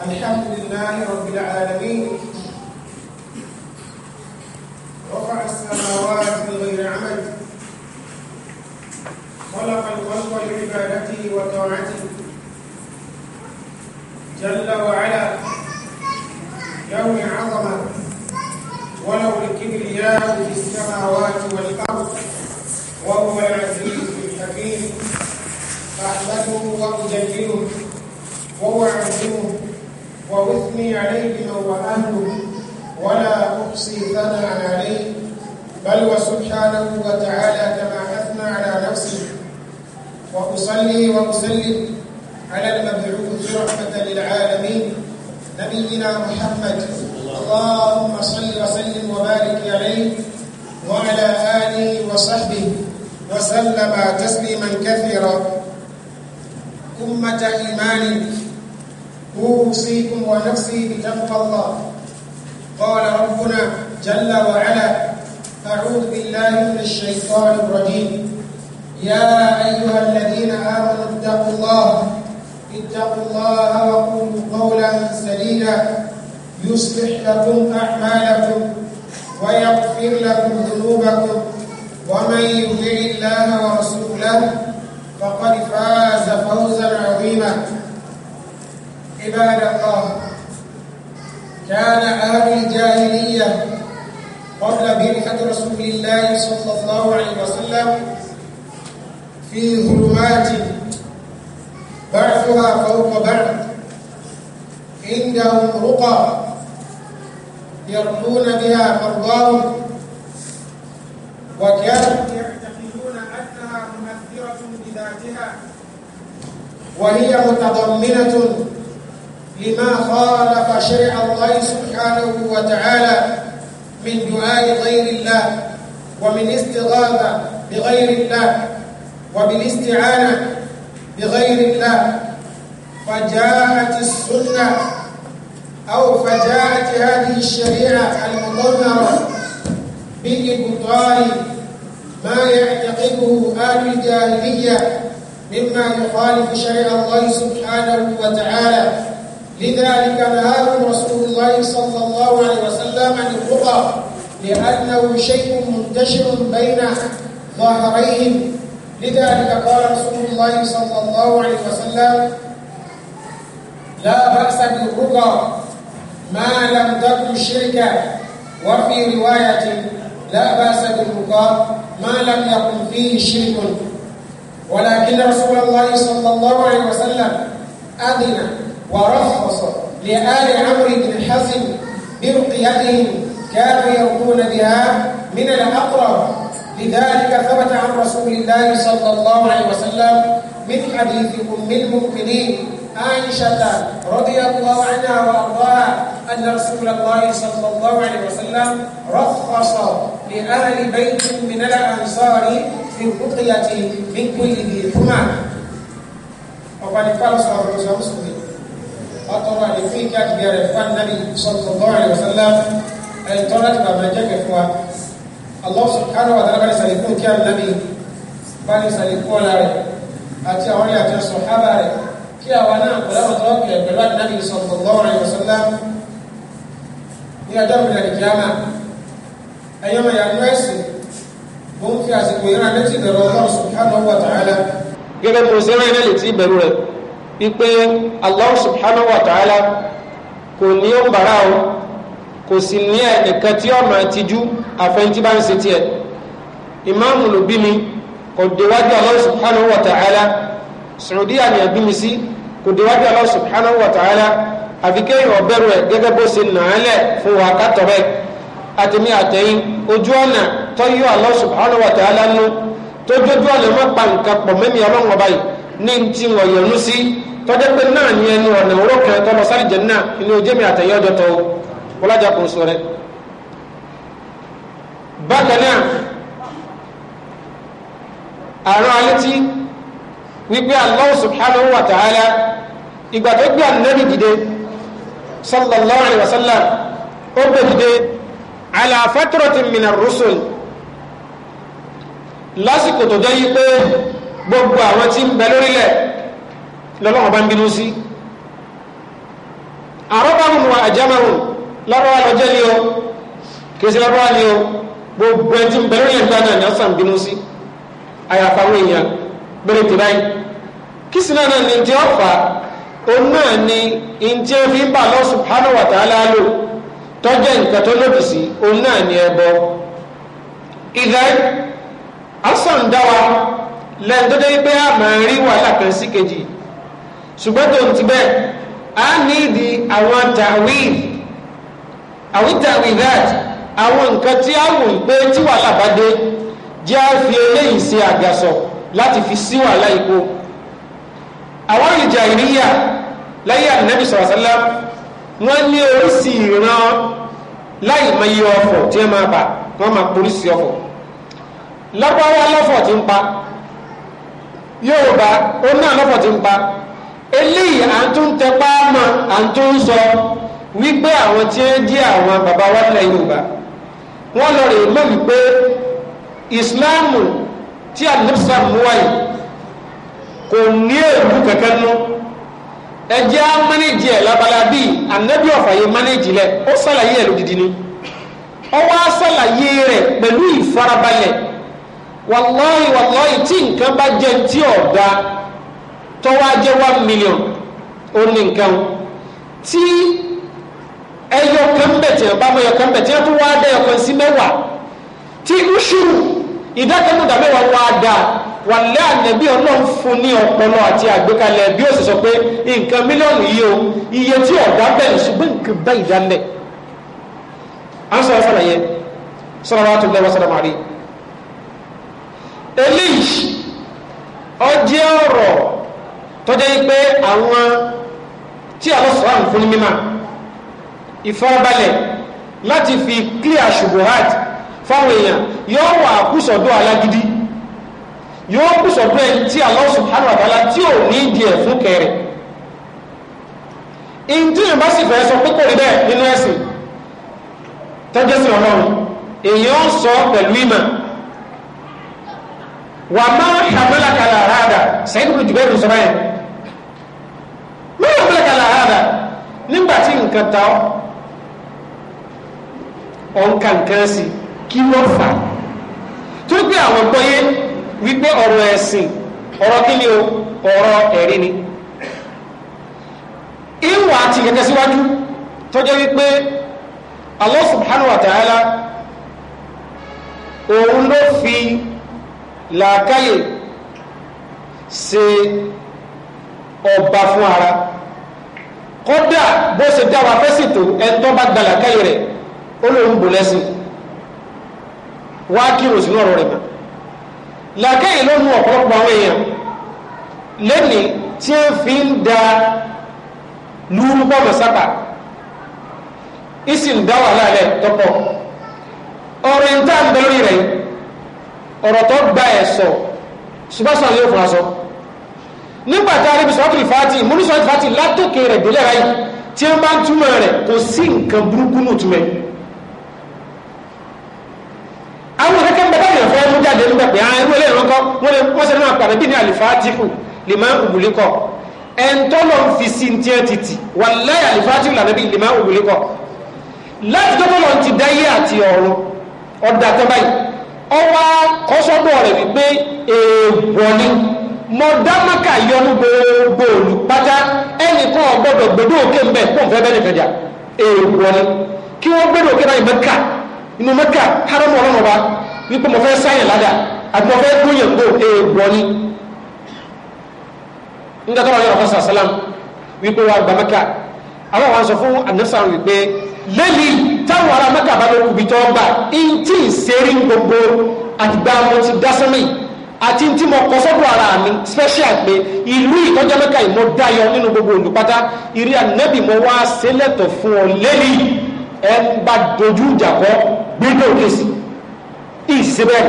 الحمد لله رب العالمين رفع السماوات بغير عمل خلق الخلق لعبادته وطاعته جل وعلا له العظمه ولو الكبرياء في السماوات والارض وهو العزيز الحكيم واجلله وهو عزيز واثني عليه هو اهله ولا احصي ثناء عليه بل وسبحانه وتعالى كما اثنى على نفسه واصلي واسلم على المبعوث رحمه للعالمين نبينا محمد اللهم صل وسلم وبارك عليه وعلى اله وصحبه وسلم تسليما كثيرا امه ايمان أوصيكم ونفسي بتقوى الله قال ربنا جل وعلا أعوذ بالله من الشيطان الرجيم يا أيها الذين آمنوا اتقوا الله اتقوا الله وقولوا قولا سديدا يصلح لكم أعمالكم ويغفر لكم ذنوبكم ومن يطع الله ورسوله فقد فاز فوزا عظيما عباد الله كان أهل الجاهلية قبل بعثة رسول الله صلى الله عليه وسلم في ظلمات بعثها فوق بعث عندهم رقى يرقون بها مرضاهم وكانوا يعتقدون أنها مؤثره بذاتها وهي متضمنة لما خالف شرع الله سبحانه وتعالى من دعاء غير الله ومن استغاثة بغير الله وبالاستعانة بغير الله فجاءت السنة أو فجاءت هذه الشريعة المضمرة بإبطال ما يعتقده أهل الجاهلية مما يخالف شرع الله سبحانه وتعالى لذلك نهاهم رسول الله صلى الله عليه وسلم عن الرقى لأنه شيء منتشر بين ظهريهم لذلك قال رسول الله صلى الله عليه وسلم لا بأس بالرقى ما لم تكن شركا وفي رواية لا بأس بالرقى ما لم يكن فيه شرك ولكن رسول الله صلى الله عليه وسلم أذن ورخص لآل عمرو بن الحسن برقيتهم كانوا يرقون بها من الأقرب لذلك ثبت عن رسول الله صلى الله عليه وسلم من حديث أم المؤمنين عائشة رضي الله عنها وأرضاها أن رسول الله صلى الله عليه وسلم رخص لأهل بيت من الأنصار في الرقية من كل ذي ثمان وقد قال صلى الله عليه وسلم ọtọrọ àdéfín kí àti bẹ̀rẹ̀ fún Ànábì sallallahu alaihi wasallam ẹni tọ́ láti bàbá jẹ́ kẹfọ́ wa Allah subhanahu wa ta'ala bá ní sàlékún kí Ànábì bá ní sàlékún ọ̀la rẹ̀ àti àwọn ilé àti ọ̀sán hábà rẹ̀ kí àwa náà pẹ̀lú àwọn tọ́lọ́ kìlẹ̀ pẹ̀lú Ànábì sallallahu alaihi wasallam ní ọjọ́ ìrìnàjò kíámà ẹ̀yọ́mọ̀ yàtọ̀ ẹ̀sìn mo ń fi àsìkò ìrànlẹ́tì bẹ̀rù Allah subhanahu wa ta'ala gẹ́gẹ́ bí wípé allah subhanahu wa ta'ala kò ní ó bàrà o kò sì ní ẹnìkan tí ọmọ àtijú àfẹnjí bá ń ṣe tiẹ̀ ìmáàmù ló bí mi kò déwájú allah subhanahu wa ta'ala sùrùdí àmì ẹbí mi sí kò déwájú allah subhanahu wa ta'ala àfi kéèyàn ọbẹ̀rù ẹ̀ gẹ́gẹ́ bó ṣe nà án lẹ̀ fún wa kátọ̀ àtẹ̀mí àtẹ̀yìn ojú ọ̀nà tọ́yọ́ allah subhanahu wa ta'ala nù tó dójú mọ́ pa nǹkan pọ̀ mẹ́mi ọlọ́run ọba ní ti wọ̀nyẹ̀nu sí tọ́jọ́ pé náà ní ẹnu ọ̀nà òwúrọ̀ kan tọ́lọ sáré jẹ náà inú ojú mi àtẹ̀yẹ ọjọ́ tọ́ ọlájà kò sọ rẹ. bákan náà àrùn alétí wípé Allah subhanahu wa ta'ala ìgbà tó gbé ànábì dìde sallallahu alayhi wa sallam ó gbé dìde ala fatratin minar lásìkò tó jẹ́ yí pé gbogbo àwọn tí ń bẹ lórílẹ̀ lọ́lọ́wọ́ bá ń bínú sí àrọ́bàmù wa àjámàrù lọ́rọ́ àlọ́jẹ́ ni ó kìí sí lọ́rọ́ àlẹ́ ó gbogbo ẹtí ń bẹ̀rẹ̀ yẹn lánàá ni ọ̀sán bínú sí àyàfà àwọn èèyàn bẹ̀rẹ̀ tì báyìí kí sí náà ní ti ọ̀fà òun náà ni ìjẹ́ fi ń bà lọ́ subhanahu wa ta'ala lò tọ́jẹ́ nǹkan tó lòdì sí òun náà ni ẹbọ ìdá ọ̀sán dáwà lẹ́yìn tó rí wàhálà kan sí kejì ṣùgbọ́n tó ti bẹ́ẹ̀ a ní ìdí àwọn tàwíìl àwọn tàwíìlát àwọn nǹkan tí a wò pé tí wàhálà bá dé jẹ́ a fi eléyìí ṣe àgàsọ̀ láti fi sí wàhálà ipò àwọn ìjà ìníyà láyé ànábì sọ̀rọ̀sálá wọ́n ní oríṣi ìran láì mọye ọ̀fọ̀ tí ẹ máa bà wọ́n máa poríṣi ọ̀fọ̀ lágbára lọ́fọ̀ tí ń pa Yorùbá ó náà lọ́fọ̀ tí ń pa eléyìí à ń tún wípé àwọn tí ń di àwọn bàbá wa nílẹ̀ Yorùbá wọ́n lọ rè mọ̀ wípé ìsìláàmù tí àdìsá mú kò ní á mánéjì bíi mánéjì ó sàlàyé lódìdí ni ó wá sàlàyé tí nǹkan bá tọ́wọ́ ajẹ́ one million ó ní nǹkan tí ẹyọ kan bẹ̀ tí ọba mọ̀ ẹyọ kan bẹ̀ tí wọ́n tún wá dá ẹyọ kan sí mẹ́wàá tí uṣuru ìdákanúdà mẹ́wàá wá dá wàlẹ́ ànẹ́bí ọlọ́run fún ní ọpọlọ àti àgbékalẹ̀ bí ó sì sọ pé nǹkan mílíọ̀nù yìí o iye tí ọ̀dà bẹ̀rẹ̀ ṣùgbọ́n nǹkan bá ìdánlẹ̀ à ń sọ̀rọ̀ sọ̀rọ̀ yẹn sọ̀rọ̀ wa tún lẹ́wọ́ sọ̀rọ̀ màrí eléyìí ọjẹ́ ọ̀rọ̀ tọ́jọ́ yìí pé àwọn tí àwọn sọ̀rọ̀ àwọn fún mímọ́ ìfarabalẹ̀ láti fi clear subuhat fáwọn èèyàn yóò wà kùsọ̀dọ̀ alágídí yóò kùsọ̀dọ̀ ẹ̀ tí Allah subhanahu wa ta'ala tí ò ní ìdí ẹ̀ fún kẹrẹ ìdí ìbá sì fẹ́ sọ pé kò rí bẹ́ẹ̀ nínú ẹ̀sìn tọ́jọ́ sí ọlọ́run èèyàn sọ pẹ̀lú ìmọ̀ wà má hamala kala hada sẹ́yìn kò jùbẹ́ ìrùsọ̀rọ̀ yẹn má hamala kala hada nígbà tí nǹkan ta ọ̀nkà nǹkan sí kí ló fà tó gbé àwọn gbọ́yé wípé ọ̀rọ̀ ẹ̀sìn ọ̀rọ̀ kí ni o ọ̀rọ̀ ẹ̀rí ni ìwà àti kẹ̀kẹ́ síwájú tó jẹ́ wípé Allah subhanahu wa ta'ala òun ló fi làákàyè ṣe ọba fún ara kódà bó ṣe dá wa fẹ́sì tó ẹ̀tọ́ bá gba làákàyè rẹ̀ ó lóun bò lẹ́sìn wá kírun sínú ọ̀rọ̀ rẹ̀ mọ́ làákàyè ló mú ọ̀pọ̀lọpọ̀ àwọn èèyàn lẹ́nìí tí ó fi ń da lúrú bọ́ mọ̀sápà ìsìn dá wà láàrẹ̀ tọ́pọ̀ ọ̀rọ̀ ń bẹ lórí rẹ̀ yìí ọ̀rọ̀ tó gba ẹ̀ sọ ṣùgbọ́n yóò fún aṣọ nígbà tá a rí bisọ́ tìlì fati múnisọ́ tìlì fati látòkè rẹ̀ délẹ̀ ráyì tí ó máa ń túmọ̀ rẹ̀ kò sí nǹkan burúkú nù túmẹ̀ àwọn kẹ́kẹ́ ń bẹ báyìí ọ̀fẹ́ mú jáde ń bẹ̀ pé àwọn ah, irú eléyìí rọ́kọ́ wọ́n lè wọ́n sẹ́ni máa pàdé bí ní àlìfáàtìkù lè máa òbúlékọ̀ ẹ̀ńtọ́lọ̀ ń fi sí tiẹ̀ títì wà láyà àlìfáàtìkù lànà bí lè máa òbúlékọ̀ láti tó bọ́lọ̀ ti dáyé àti ọ̀run ọ̀dà tó báyìí ọwọ́ kọ́sọ́dọ̀ rẹ̀ wípé èèwọ̀ ni mo dámọ́kà yọnu gbogbo olùpátá ẹnì kan ọgbọ́dọ̀ gbẹdọ̀ òkè mbẹ kó n fẹ́ bẹ́ẹ̀ nìkan jà èèwọ̀ ni kí wọ́n gbẹdọ̀ òkè báyìí mẹ́kà inú mẹ́kà haramu ọlọ́run ọba wípé mo fẹ́ sáyẹn ládàá àti mo fẹ́ gbóyàn gbó èèwọ̀ ni nígbà tó wà ní ọ̀fọ́sà sálám wípé wà gbà mẹ́kà àwọn àwọn sọ fún àdínẹ́sà wípé lẹ́lí táwọn ará mẹ́ka bá lókù bí tọ́ gbà ń tí ì sẹ́rí gbogbo àtìgbà mo ti dá sẹ́mi àti tí mo kọ sọ́dọ̀ ara mi special pé ìlú ìtọ́jọ́ mẹ́ka yìí mo dáyọ nínú gbogbo olùpátá ìrí ànábì mo wá sẹ́lẹ̀tọ̀ fún ọ lẹ́lí ẹ ń bá dojú ìjà kọ gbígbó kèsì ìsibẹ́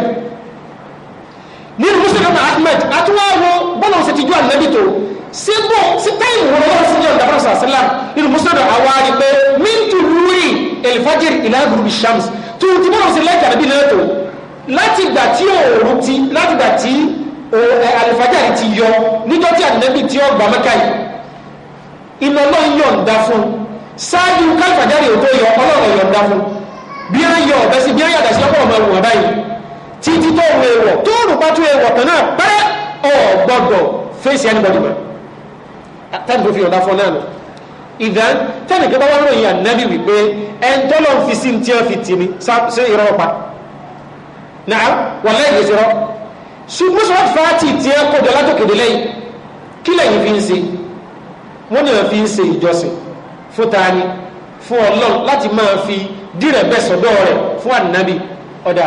nínú Muslim Ahmed àtúwáwo bọ́lá ọ̀sẹ̀ tìjú ànábì tó síbò síta ìwòrán lọ́wọ́ sí ní ọ̀dà fún sàṣẹ́lá nínú mùsùlùmí àwa rí pé mintu lúrì elifajiri ìlà gurubi shams tó ti bọ́ọ̀ sí lẹ́kì àbí lẹ́tọ̀ láti gbà tí òòrùn ti láti gbà tí alifajari ti yọ níjọ́ tí àdínẹ́bì tí ó gbà mẹ́ka yìí iná lọ́ yọ̀ǹda fún ṣáájú káfàjárì ò tó yọ ọlọ́run yọ̀ǹda fún bí a yọ ọ̀bẹ sí bí a yàtọ̀ sí ọkọ̀ ọmọ ìwọ̀n báyìí títí tó òun èèwọ̀ tó òrùn bá tó èèwọ̀ kan náà pẹ́ ọ̀ gbọ́dọ̀ fèsì ẹnìbọ̀dì mọ́ táìmù tó fi ọ̀dá fọ́ náà nù ìdán tẹ́nì kí báwọn ròyìn ànábì wípé ẹnjọ́ lọ́n fi sí tí wọ́n fi tì mí sí irọ́ pa náà wọ́n lẹ́yìn èsì rọ́ ṣùgbọ́n sọ́wọ́n ti fàá tì tí ẹ kó jọ látòkèdè lẹ́yìn kí lẹ́yìn fi ń ṣe wọ́n náà fi ń ṣe ìjọsìn fún tani fún ọlọ́run láti máa fi dírẹ̀ bẹ́sọ̀dọ́ rẹ̀ fún ànábì ọ̀dà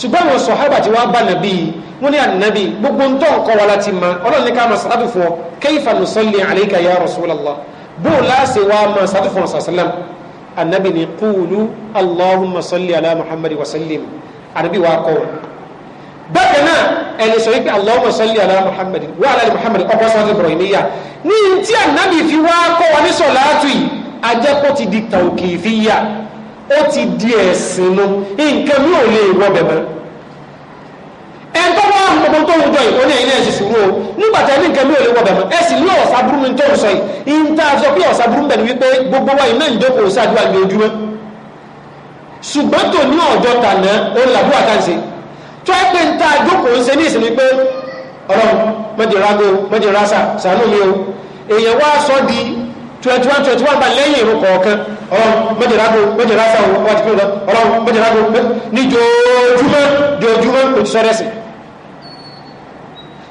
ṣùgbọ́n àwọn sọ̀hábà tí wá bá nàbí wọ́n ní ànàbí gbogbo ń tọ́ ọkọ̀ wa láti ma ọlọ́run ní ká máa sàtàtù fún ọ kayfa nusalli alayka ya rasulallah bó láàṣẹ wá máa sàtàtù fún ọ̀sàsálàm ànàbí ní qulu allahumma salli ala muhammad wa sallim ànàbí wa kọ́ bákan náà ẹni sọ wípé allahumma salli ala muhammad wa ala muhammad ọkọ̀ sàtàtù ibrahimiyya ní tí ànàbí fi wá kọ́ wa ní sọ̀láàtù yìí ajẹ́pọ̀ ti di tawqifiyya ó ti di ẹ̀sìn nu nǹkan mi ò lè wọ bẹ̀rẹ̀ ẹn tó wá gbogbo tó ń jọ yìí ó ní ẹ̀yin ẹ̀sìn sùúrù o nígbà tí ẹni nǹkan mi ò lè wọ bẹ̀rẹ̀ ẹ̀sìn ní ọ̀sà burú mi tó ń sọ yìí ń tá a pé ọ̀sà burú bẹ̀ wípé gbogbo wa iná ìjókòó ṣáàdúrà ní ojúmọ́ ṣùgbọ́n tò ní ọjọ́ tàná ó làbú àtàǹṣe tó ẹ pé ń tá a jókòó ń ṣe ní ìsìn wípé ọlọ́run mọ́jẹ̀ rágó mọ́jẹ̀ sàánú mi o èèyàn wá sọ di twenty one twenty one ba lẹ́yìn irun kọ̀ọ̀kan ọlọ́run méjìlágo méjìlásán ọwọ́ àti kílódọ́ ọlọ́run méjìlágo ní jòjúmọ́ jòjúmọ́ òtúsọ́rẹ́sì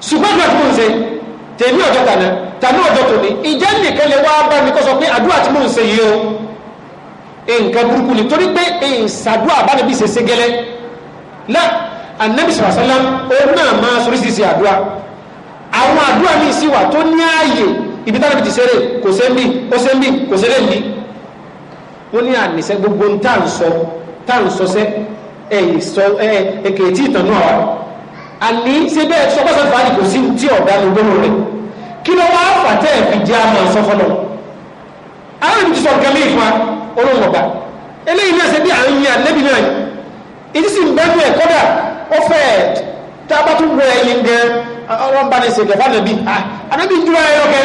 ṣùgbọ́n ìgbà tí mò ń ṣe tèmi ọjọ́ tàná tàná ọjọ́ tòní ìjẹ́ nìkan lè wá bá mi kọ́ sọ pé àdúrà tí mò ń ṣe yìí o nǹkan burúkú ni torí pé ìṣàdúrà bá mi bí ṣe ṣe gẹ́lẹ́ lá anabi sàrásálá òun náà máa soríṣiríṣi àdúrà àwọn àdúrà mi sì wà tó ní ààyè ibi tára bìtì sẹ́rẹ̀ kò sẹ́mbì ó sẹ́mbì kò sẹ́rẹ̀ ní wọ́n ní àníṣẹ́ gbogbo ń tà ń sọ tà ń sọ sẹ́ ẹ̀yìn sọ ẹ̀kẹ̀ tí ìtàn náà wà àní ṣe bẹ́ẹ̀ sọ́kọ́sọ́ fàájì kò sí tí ọ̀dà ló gbọ́n rẹ̀ kí ló wá fàtẹ́ fi jẹ́ àmọ́ sọ́fọ́lọ́ aláàbí ti sọ nǹkan mí fa olóhùn ọ̀gbà a bá tún wọ ẹyin gan ọlọ́mbanẹsẹ̀ gẹ̀fà nàbí ànábì ń dúró ẹyọ kẹ́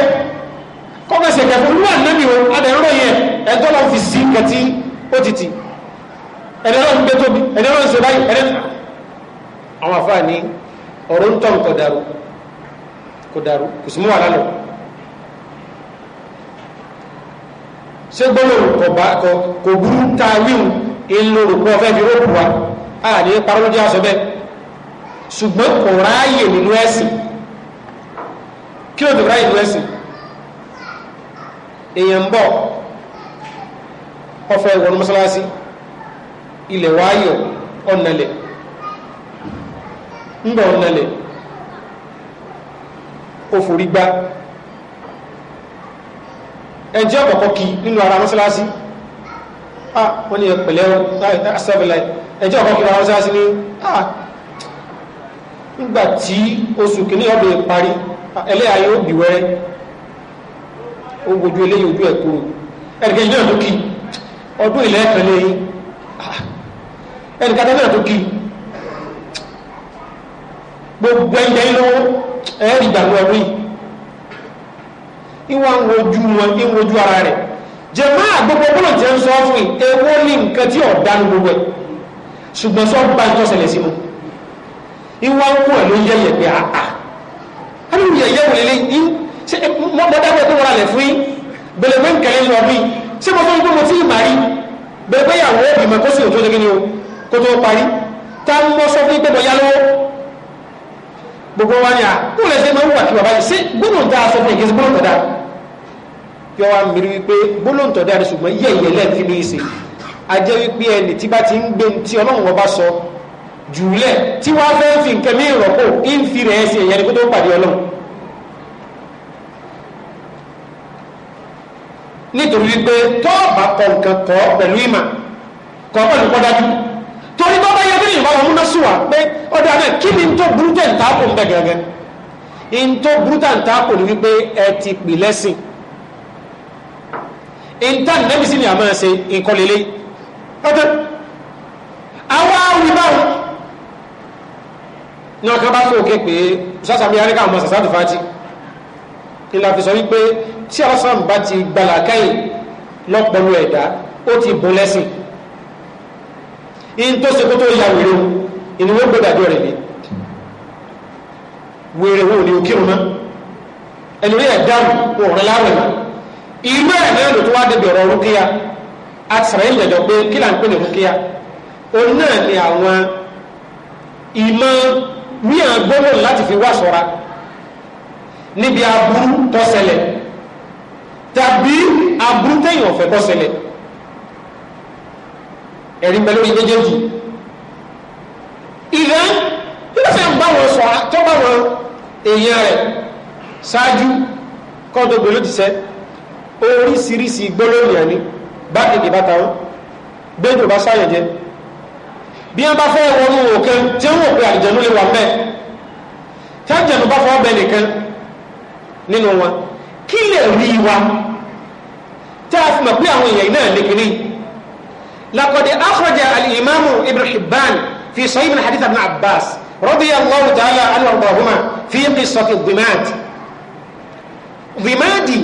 kọ́mẹ̀sẹ̀ kẹfẹ́ olú ànábì o adẹ̀rọ yẹn ẹ̀dọ́ lọ fi sí kẹtí ó ti ti ẹ̀dẹ̀rọ ń gbé tóbi ẹ̀dẹ̀rọ ń ṣe báyìí ẹ̀dẹ̀ àwọn afá ni ọ̀rọ̀ ń tọ́n kọ dàrú kọ dàrú kò sí mú wà lálọ́ ṣé gbọ́dọ̀ kọ̀ bá kọ̀ kò burú ta wíwù ìlú rògbò ọ̀fẹ́ fi rògbò wa a ní parọ́ lójú aṣọ bẹ́ẹ̀ ṣùgbọ́n kò ráàyè nínú ẹ̀sìn kí o dé ráàyè nínú ẹ̀sìn èèyàn ń bọ̀ ọfẹ́ ìwọ̀n mọ́sálásí ilẹ̀ wáyọ̀ ọ̀nàlẹ̀ ńgbà ọ̀nàlẹ̀ òfòrígbá ẹjẹ́ ọ̀kọ̀kọ́ kí nínú ara mọ́sálásí ah wọ́n ni ẹ̀pẹ̀lẹ́ ẹjẹ́ ọ̀kọ́ kí ara mọ́sálásí ní ah ńgbà oṣù kìíní ọ̀bẹ̀ parí ẹlẹ́yà yóò bìwẹ́rẹ́ ó wojú eléyìí ojú ẹ̀ kúrò ẹnìkan ìjọba tó kí ọdún ilẹ̀ ẹ̀kan lẹ́yìn ẹnìkan ìjọba tó kí gbogbo ẹ̀jẹ̀ lọ́wọ́ ẹ̀ẹ́dì ìgbàgbọ́ ọdún yìí ìwà ń wojú wọn ń wojú ara rẹ̀ jẹ̀mọ́ àgbogbo bọ́lọ̀ tí ń sọ fún yìí ewó ní nǹkan tí ọ̀dá ní gbogbo ẹ̀ ṣùgbọ́n sọ bá ń tọ́sẹ̀lẹ̀ sí mu ìwà ń wọ̀ ló ń yẹ̀yẹ̀ pé àà ah, ah ṣe mọ bọ́dá bẹ́ẹ̀ tó wọra lẹ̀ fún yín bẹ̀rẹ̀ pé nkẹ̀lẹ́ lọ bí ṣé mo sọ wípé mo tí ì máa rí bẹ̀rẹ̀ pé ìyàwó ìmọ̀ kó sì ò tó ṣe kíni o kó tó parí tá ń mọ́ sọ fún pé mo yá lọ́wọ́ gbogbo wa ni a kó lè ṣe máa ń wà kí bàbá yìí ṣé gbólóhùn tá a sọ fún ìkíni gbólóhùn tọ̀dá yọ wa mìírí wípé gbólóhùn tọ̀dá rẹ̀ ṣùgbọ́n yẹ̀yẹ̀ lẹ́ẹ̀fín ní í a jẹ́ wípé ẹnì tí bá ti ń gbé tí ọlọ́run ọba sọ jùlẹ̀ tí wọ́n fẹ́ fi nǹkan mí ìrọ̀pọ̀ ń fi rẹ̀ ẹ́ sí ẹ̀yẹ́ni kó tó pàdé ọlọ́run nítorí wípé tọ́ọ̀bà kọ nǹkan kọ́ pẹ̀lú ìmọ̀ kọ́ pẹ̀lú kọ́ dájú torí tó bá yẹ kí wọn múná sùn pé ọdọ àná kí ni tó burú tẹ̀ ń tààkò ń bẹ̀ gẹ́gẹ́ ń tó burú tẹ̀ ń tààkò ni wípé ẹ ti pè lẹ́sìn ń tà nẹ́bí sí ni àmọ́ ẹ ṣe nǹkan lélẹ́ ọ̀tẹ́ àwa wí báwọn ní ọkàn bá fò ké pé sásàmì aríkà àwọn sàṣàdùfàtì ìlà fi sọ wípé tí ọ̀sán bá ti gbalàkáyì lọ́pọ̀lọ́ ẹ̀dá ó ti bùn lẹ́sìn in tó ṣe kó tó ya wèrè o ìní wọ́n gbọ́dọ̀ rẹ̀ ni wèrè wo ni òkírun náà ẹni rí ẹ̀dáhùn wọn ọ̀rẹ́ láwẹ̀ náà ìlú ẹ̀ náà ló tó débi ọ̀rọ̀ rúkìá àti sàrẹ́ ìlẹ̀jọ pé kí là ń pè ní rúkìá òun náà ni àwọn ìmọ̀ mìíràn gbọ́dọ̀ láti fi wá sọ́ra níbi aburú tó tàbí aburú tẹ̀yìn ọ̀fẹ́ kọ́ ṣẹlẹ̀ ẹ̀rí pẹ̀lú orí méjèèjì ìlẹ́ tí ó fẹ́ bá wọn sọ tó bá wọn èèyàn rẹ̀ ṣáájú kọ́ńtò gbèrú ti sẹ́ oríṣiríṣi gbólóhùn yẹn ni bá èdè bá ta wọn gbẹ́jọ bá sáyẹ̀ jẹ́ bí wọ́n bá fẹ́ wọnú òkè tí wọ́n pè àjẹ̀nú lè wà mẹ́ tí àjẹ̀nú bá fọ́ bẹ́ẹ̀ nìkan nínú wọn kí lè rí wa tí a fi mọ̀ pé àwọn èèyàn náà lè kiri lakọ̀dẹ̀ akhraja al-imamu ibn hibban fi sahih min hadith ibn abbas radiyallahu ta'ala anhuma fi qissati dhimaad dhimaadi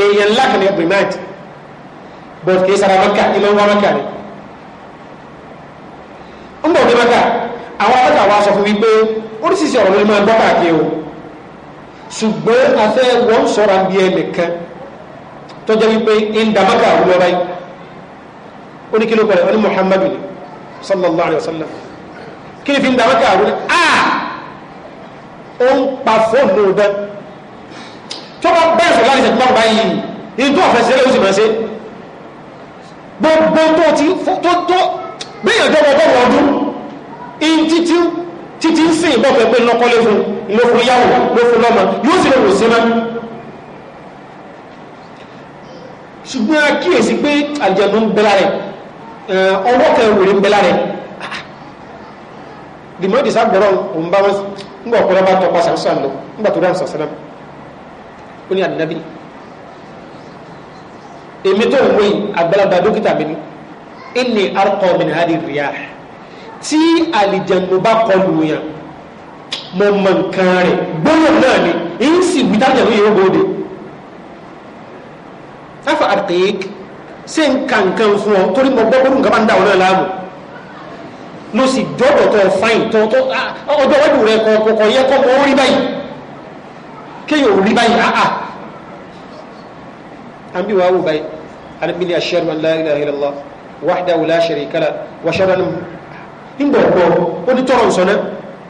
èèyàn ńlá kan ní dhimaad bọ̀dù kìí sara maka ìmọ̀ wá maka ni ń bọ̀ dé àwọn akẹ́kọ̀ọ́ wa sọ fún wípé oríṣiríṣi ọ̀rọ̀ ló máa gbọ́ ṣùgbọ́n afẹ́ wọ́n sọ̀rọ̀ àbí ẹnìkan tó jẹ́ wípé ìdàmọ́kà àwùlọ́ra yìí ó ní kí pẹ̀lẹ̀ ọdún muhammadu ni sallallahu alayhi wa sallam kí ni fi ń dàmọ́kà àwùlọ́ a ó ń pa fóònù ọdẹ tó bá bẹ́ẹ̀ sọ̀rọ̀ láti ṣẹ̀tún bá yìí ní tó ọ̀fẹ́ sílẹ̀ ó sì máa ṣe gbogbo tó ti títí ń sìn ìbọn fẹ́ pé lọ́kọ́lé fún ló fún yàwó ló fún lọ́mọ yóò sì lè wò sí mọ́ ṣùgbọ́n a kíyèsí pé àjẹ̀dún ń bẹ́lá rẹ̀ ọwọ́ kan wèrè ń bẹ́lá rẹ̀ dìmọ́dì sábẹ̀rọ̀ òun bá wọn ńgbà ọ̀pọ̀lọ́ bá ń wé àgbàlagbà tí àlìjànù bá kọlù yàn mọ̀ mọ̀ nǹkan rẹ̀ gbọ́nà náà ni èyí sì wí dájà ló yẹ bóde afa àtẹ́yẹk ṣé nǹkan nǹkan fún ọ torí mo gbọ́ gbọ́dọ̀ nǹkan bá ń dà ọ náà láàmú mo sì dọ́dọ̀ tó fain tó tó ọjọ́ wájú rẹ kọ̀ọ̀kọ̀ yẹ kọ́ mọ́ rí báyìí kéèyàn ò rí báyìí áà àbí wàá wò báyìí àdébílẹ̀ ashhadu an la ilaha illallah wahdahu la sharika lah wa nígbà ọ̀pọ̀ ó ní tọ́rọ̀ sọ náà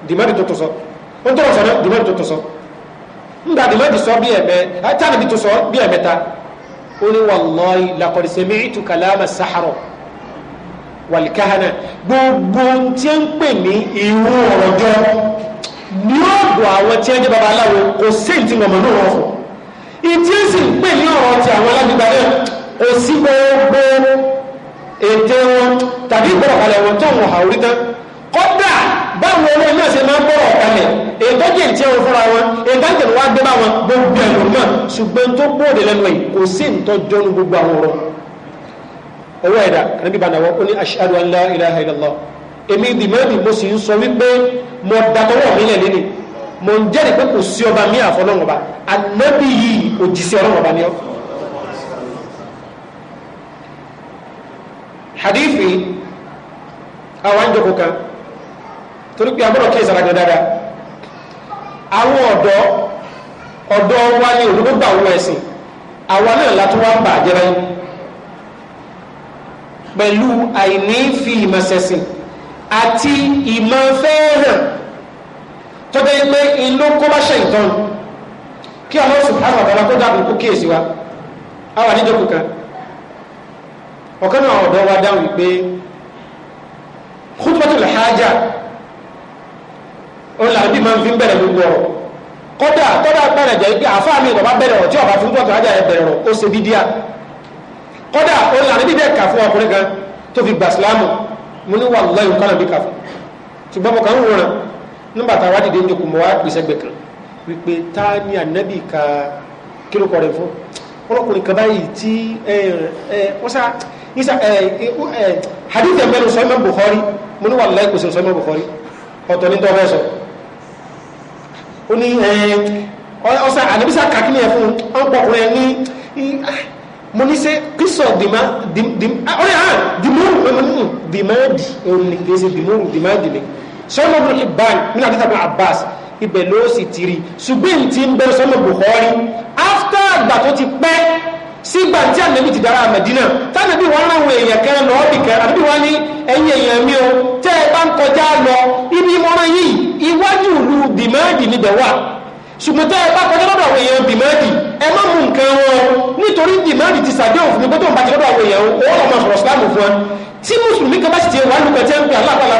dìmọ́dì tó tọ́sọ ó tọ́rọ̀ sọ náà dìmọ́dì tó tọ́sọ nígbà dìmọ́dì sọ bí ẹ̀mẹ́ tánìbí tó sọ bí ẹ̀mẹ́ta ó ní wallahi laqad sami'tu kalama sahara wàlìkáhánà gbogbo tí ń pè ní irú ọ̀rọ̀jọ́ ní ọ̀dọ̀ àwọn tí ń jẹ́ babaláwo kò sí ìtì wọ̀mọ̀ náà wọ́n fún ìtí ń sì pè ní ọ̀rọ̀ ti àwọn alágbègbè náà kò sí gbogbo ète wọn tàbí ìgbọ̀rọ̀kọ̀lẹ̀ wọn tó wọn àwòrí tán kọ́dà báwọn owó náà ṣe máa ń bọ̀rọ̀ kalẹ̀ ètò jẹ́ ìtí ẹ̀wọ̀n fúnra wọn ètò ìjẹ̀ wá gbé bá wọn gbogbo ẹ̀rọ náà ṣùgbọ́n tó bóde lẹ́nu ẹ̀ kò sí ìtọ́jọ́ ní gbogbo àwọn ọ̀rọ̀ owó ẹ̀dá níbi ìbànàwọ́ ó ní ashhadu an la ilaha illallah èmi ìdìmọ́dì mo sì ń sọ wípé mo dàtọwọ́ mi lẹ̀ mo ń jẹ́rìí pé kò sí ọba mi àfọlọ́wọ́ba ànábì yìí òjìṣẹ́ ọlọ́wọ́ba ni ọ́ hadithi àwọn àjọkò kan torí pé àbúrò kí ìsàrà dáadáa àwọn ọ̀dọ́ ọ̀dọ́ wa ní olùgbà àwọn ẹ̀sìn àwọn náà látún wá ń bà jẹ́ báyìí pẹ̀lú àìní fi ìmọ̀sẹ̀sìn àti ìmọ̀ fẹ́ hàn tó dé pé ìlú kó bá ṣe ìtọ́nù Allah subhanahu wa ta'ala kó dàbò kó kíyèsí wa àwọn àníjọ́kù kan ọ̀kan náà ọ̀dọ́ wa dáhùn pé khutbatul haja ó là bí máa ń fi bẹ̀rẹ̀ gbogbo ọ̀rọ̀ kódà kódà bẹ̀rẹ̀ jẹ́ pé àfáà mi ìbọ̀bá bẹ̀rẹ̀ ọ̀rọ̀ tí ọ̀bá fún bọ́tò haja yẹn bẹ̀rẹ̀ ọ̀rọ̀ ó ṣe bí díà kódà ó là níbi bẹ́ẹ̀ kà fún ọkùnrin kan tó fi gbà sílámù mo ní wallahi kọ́nà bí kà fún ṣùgbọ́n mo kàn ń wòran nígbà tá a wá dìde ń mọ́ wá gbèsè gbẹ̀ kan wípé tá ní ànábì ka kí ló kọ́ rẹ̀ fún ọlọ́kùnrin kan báyìí tí wọ́n sá isa eh, eh, eh, hadith yẹn mẹ́rin sọ́yìn Bukhari mo ní wallahi kò sí sọ́yìn Bukhari ọ̀tọ̀ ní tọ́fẹ́ sọ ó ní ọ̀sán àdébísà kàkínì ẹ̀ fún ọ̀pọ̀kùnrin ẹ̀ ní ah, mo ní sẹ́ kíso dìmọ́rù dìmáàdì òní kìí ṣe dìmọ́rù dìmáàdì bukhari sọ́yìn Ibn Hibban min Abbas ibẹ̀ ló sì tiri ṣùgbọ́n tí ń bẹ̀rẹ̀ sọ́yìn Bukhari after àgbà tó ti pẹ́ sígbà tí ànábì ti dára àmẹ̀dínà tánàbí wọn ràn wọn èèyàn kan lọ ọ́bì kan àbí wọn ní ẹ̀yìn èèyàn mi o tẹ́ ẹ bá ń kọjá lọ ibi mọ́rán yìí iwájú ìlú bìmọ́ẹ̀dì níbẹ̀ wà ṣùgbọ́n tẹ́ ẹ bá kọjá lọ́dọ̀ àwọn èèyàn bìmọ́ẹ̀dì ẹ má mú nǹkan wọn nítorí bìmọ́ẹ̀dì ti sàdé òfin mi gbọ́dọ̀ bàjẹ́ lọ́dọ̀ àwọn èèyàn o ó lọ́mọ sọ̀rọ̀ sílámù fún ẹ tí mùsùlùmí kan bá sì ti wà lùkẹ́ tẹ́ ń pè aláàbàlà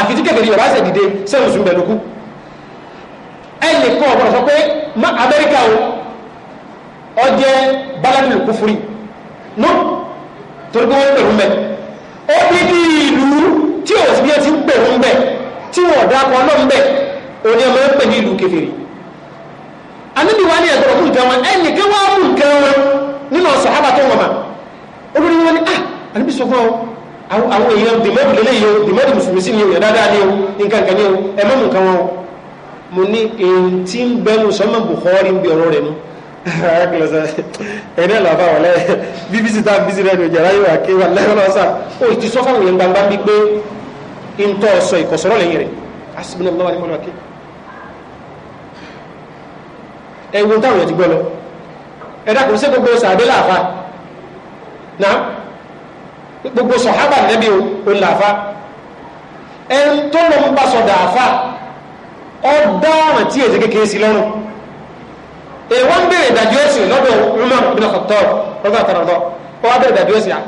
àfi tí kẹfẹ́ yorùbá ṣe dìde ṣé mùsùlùmí bẹ̀lú kú ẹnì kan ọ̀gbọ̀n sọ pé amẹ́ríkà o ọ jẹ́ baladulu kúfúrì nù torí pé wọ́n ń pèrú mẹ́ ó bí bí ìlú tí ò sí bí ẹ ti ń pèrú mẹ́ tí wọ́n ọ̀dà kan náà ń bẹ̀ òní ọmọ ẹ ní ìlú kẹfẹ́rì anabi wa ni ẹgbẹrọ fún nǹkan wọn ẹnì kan wá nínú ọsàn ah anabi sọ àwọn èèyàn dìmọ́dù lélẹ̀ yìí o dìmọ́dù mùsùlùmí sí ni o dáadáa ni o nǹkan kan ni o ẹ mọ́ nǹkan wọn o mo ní èyí tí ń bẹnu sọ́mọ́ Bukhari ń bi ọ̀rọ̀ rẹ̀ nu ẹ̀rẹ́ làbá wà lẹ́yìn bbc tá a bísí rẹ̀ nìjà ráyè wà ké wà lẹ́yìn o ti sọ fáwọn èèyàn gbangba bí pé ń tọ́ sọ ìkọ̀sọ̀rọ̀ lẹ́yìn rẹ̀ asibina lọ́wọ́ ni mo lọ ké ẹ̀wọ̀n táwọn èèyàn ti gbọ́ lọ ẹ̀dá kò sí gbogbo sàdé láàfà náà gbogbo sọ̀hábà nẹ́bí o làáfà ẹni tó lọ ń bá sọ̀dà àfà ọ̀daràn tí èsì kékeré sí lọ́rùn èèwọ̀ ń bèèrè ìdájọ́ ẹ̀sìn lọ́dọ̀ Umar bin Khattab lọ́dọ̀ àtàràdọ́ ọ wá bèèrè ìdájọ́ ẹ̀sìn ah,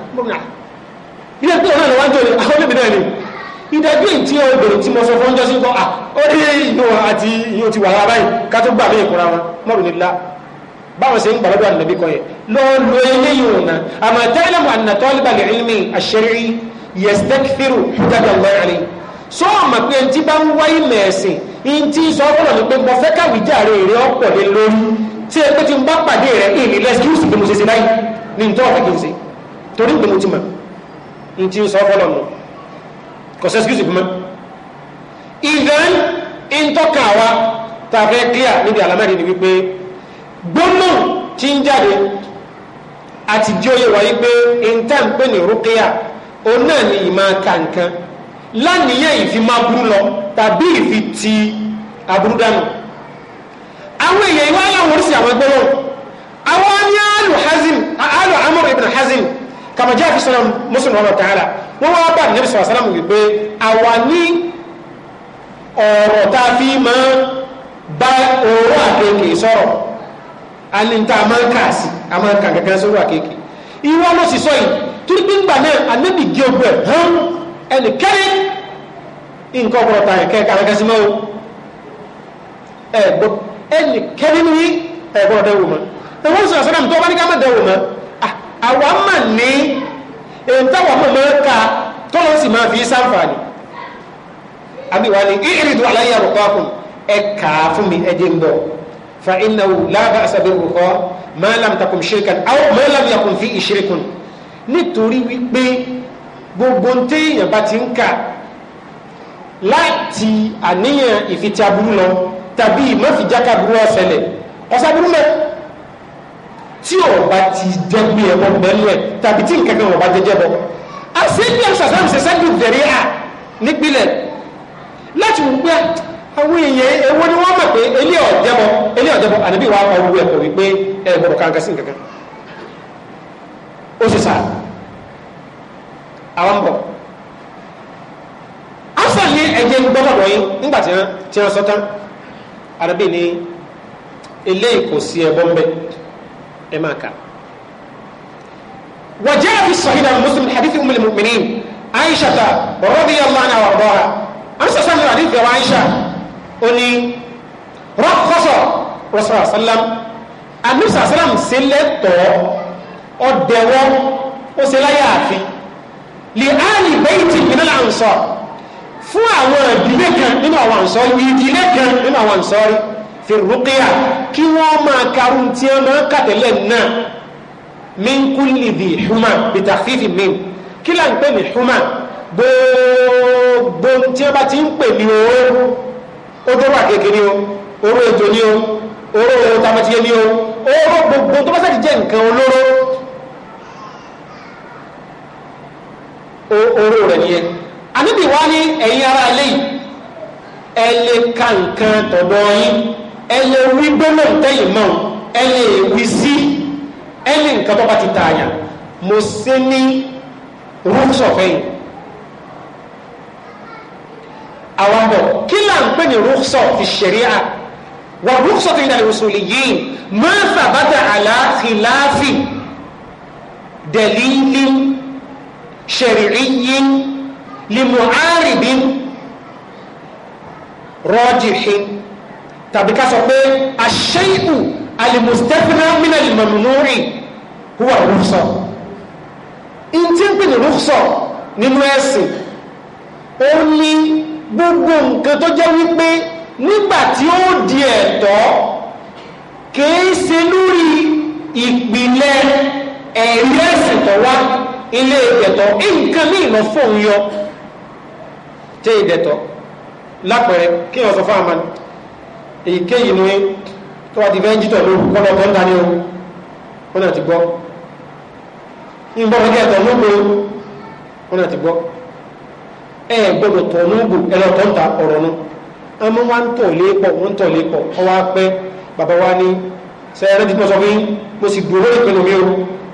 ilé tó náà lọ́wọ́ jọ àwọn olóbi náà ni ìdájọ́ ìtí obìnrin tí mo sọ fún ọjọ́ sí kọ́ à ah, ó rí ìyó àti ìyó ti wà lára báyìí ká tó gbà mí ìkura wọn mọ́rùn báwọn ṣe ń gbà lọ́dọ̀ ànàbí kọ́ yẹ lọ́ọ́ lo eléyìí òun náà àmọ́ tẹ́lẹ̀ mọ́ ànà tọ́líbà lè ilmi àṣẹrí yẹsẹ́kìfìrù dáadáa lọ́ọ́ rẹ̀ sọ ọmọ pé ntí bá ń wáyé mẹ̀ẹ̀sìn ntí sọ fọlọ́ ni pé mo fẹ́ káwí jàre rẹ ọ̀pọ̀ lé lórí tí ẹ pé tí n bá pàdé rẹ èmi lẹ́sìkúùsì pé mo ṣe ṣe báyìí ní ntọ́ ọ̀fẹ́ kì í ṣe torí pé mo ti mọ̀ ntí sọ fọlọ́ nù kò sẹ́sìkúùsì fún mi. ìdán ntọ́ka wa tàbí clear níbi àlámẹ́rin ni wípé gbọ́n tí ń jáde àti jí ó yẹ wáyé pé nǹkan pé ní rúkìá òun náà ni ìmọ̀ kankan lánìyàn ìfimá burú lọ tàbí ìfi ti aburú dànù àwọn èèyàn ìwà aláwọ̀ oríṣi àwọn ẹgbẹ́ àwọn ní alu hazim alu amr ibn hazim kama jẹ́ àfi sọ́nà mùsùlùmí ọ̀rọ̀ tààrà wọ́n wá bá nẹ́bí sọ̀rọ̀ sálàmù wípé àwa ní ọ̀rọ̀ tá a fi máa bá òórùn àkèké sọ̀rọ̀ alinta a máa ń kà sí a máa ń kà gẹ́gẹ́ sórí àkéèké irọ́ ló sì sọ yìí torí pé ńgbà náà anábì gé ogun ẹ̀ hàn ẹnikẹ́ni nǹkan ọ̀pọ̀lọpọ̀ tàn kẹ́ kàrẹ́kẹ́sí mọ́ o ẹ̀ gbọ́ ẹnikẹ́ni ní ẹ̀ gbọ́dọ̀ dẹ́wò mọ́ ẹ̀wọ́n sọ̀rọ̀ sọ́dọ̀ tó bá ní ká má dẹ̀wò mọ́ àwa mà ní èntàwà mọ̀ mọ́ ká tó lọ sí máa fi sáǹfààní àbíwá ni ìrìndò aláyàwó kọ́ fún ẹ̀ kà fún mi ẹ̀ dé ń bọ̀ فإنه لا بأس بالرقى ما لم تكن شركا أو ما لم يكن فيه شرك nítorí wípé gbogbo téèyàn bá ti ń kà láti àníyàn ìfiti aburú lọ tàbí ìmọ̀fìjáka aburú ọ̀sẹ̀lẹ̀ ọ̀sàbúrú mẹ́ tí ọba ti dẹ́gbé ẹ̀bọ bẹ́lẹ̀ tàbí tí nǹkan kan ọba jẹjẹ bọ. àṣẹ ní ọ̀sàsáàmù ṣẹṣẹ́ lù dẹ̀rí à nípìnlẹ̀ láti wù pé àwọn èèyàn ewó ni wọ́n mọ̀ pé elé ọ̀jẹ́bọ elé ọ̀jẹ́bọ ànábì wa kọ owó ẹ̀kọ́ wípé ẹ gbọ́dọ̀ kankan sí nǹkankan ó sì sà àwọn bọ̀ afsan ní ẹ̀jẹ̀ gbọ́dọ̀ yín nígbà tí wọ́n ti hàn sọ́tán ànábì ní elé kò sí ẹ̀bọ ń bẹ ẹ máa kà wọ́jẹ́ àfi sọ̀hìnà mùsùlùmí hadith ummul mu'minin aisha ta radiyallahu anha wa ardaha an sọ̀sọ́ ní hadith wa aisha ó ní rọ́kọ́sọ̀ rọ́sọ̀rọ̀ sálám anúsà sálám sí lẹ́tọ̀ọ́ ọ̀dẹ̀wọ́ ó sì láyé ààfin lè áàlì bẹ́ẹ̀tì ìpínlẹ̀ àǹsọ̀ fún àwọn ìdílé kan nínú àwọn àǹsọ̀ rí ìdílé kan nínú àwọn àǹsọ̀ rí fi rúkìá kí wọ́n máa karùn tí wọ́n máa kàtẹ́lẹ̀ náà min kulli dhi huma bi takhfifin min kí là pè ní huma gbogbo tí wọ́n bá ti ń pè ní ooru ó tó wà kékeré o oró ètò ní o oró tamatiye ní o oró gbogbo tó bá sẹ́ni jẹ́ nǹkan olóró oró rẹ̀ nìyẹn àníbi wá ní ẹ̀yìn ara ilé yìí ẹ lè ka nǹkan tọ̀dọ̀ yín ẹ lè wí gbọ́nà tẹ́yìn mọ́ ẹ lè wí sí ẹ lè nǹkan tó bá ti tààyàn mo ṣe ní rúkúsọ̀fẹ́yìn àwọn bọ̀ kí là ń pè ní rúkṣọ̀ fi ṣẹ̀ríà wà rúkṣọ̀ fi ìdàlẹ̀ òṣòlì yìí máa fàbátà àlàáfíláàfì dẹ̀lílì ṣẹ̀ríyí limuárìbí rọ́jìhì tàbí ká sọ pé àṣẹ́yìkù alìmùsítẹ́fìnà mínà lìmọ̀nùmúrì huwa rúkṣọ̀ in tí ń pè ní rúkṣọ̀ nínú ẹ̀sìn ó ní gbogbo nǹkan tó jẹ́ wípé nígbà tí ó di ẹ̀tọ́ kìí ṣe lórí ìpìlẹ̀ ẹ̀rí ẹ̀sìn tó wá ilé ìdẹ̀tọ̀ nǹkan míì lọ fóun yọ tẹ ìdẹ̀tọ̀ lápẹ̀rẹ̀ kí wọ́n sọ fún àmà èyíkéyìí ni tó wà ti fẹ́ lóru kọ́ lọ́tọ́ ń dání o wọ́n ti gbọ́ ń bọ́ fẹ́ kẹ́ẹ̀tọ̀ lóko ti gbọ́ ẹ gbọ́dọ̀ tọ̀ lóògbò ẹlọ tó ń ta ọ̀rọ̀ nu ẹmọ wa ń tọ̀ lépọ̀ ń tọ̀ lépọ̀ ọ wá pẹ́ bàbá wa ní sẹ́yẹrẹ́ ti pọ́sọ fún mo sì gbowó ìpinnu mi o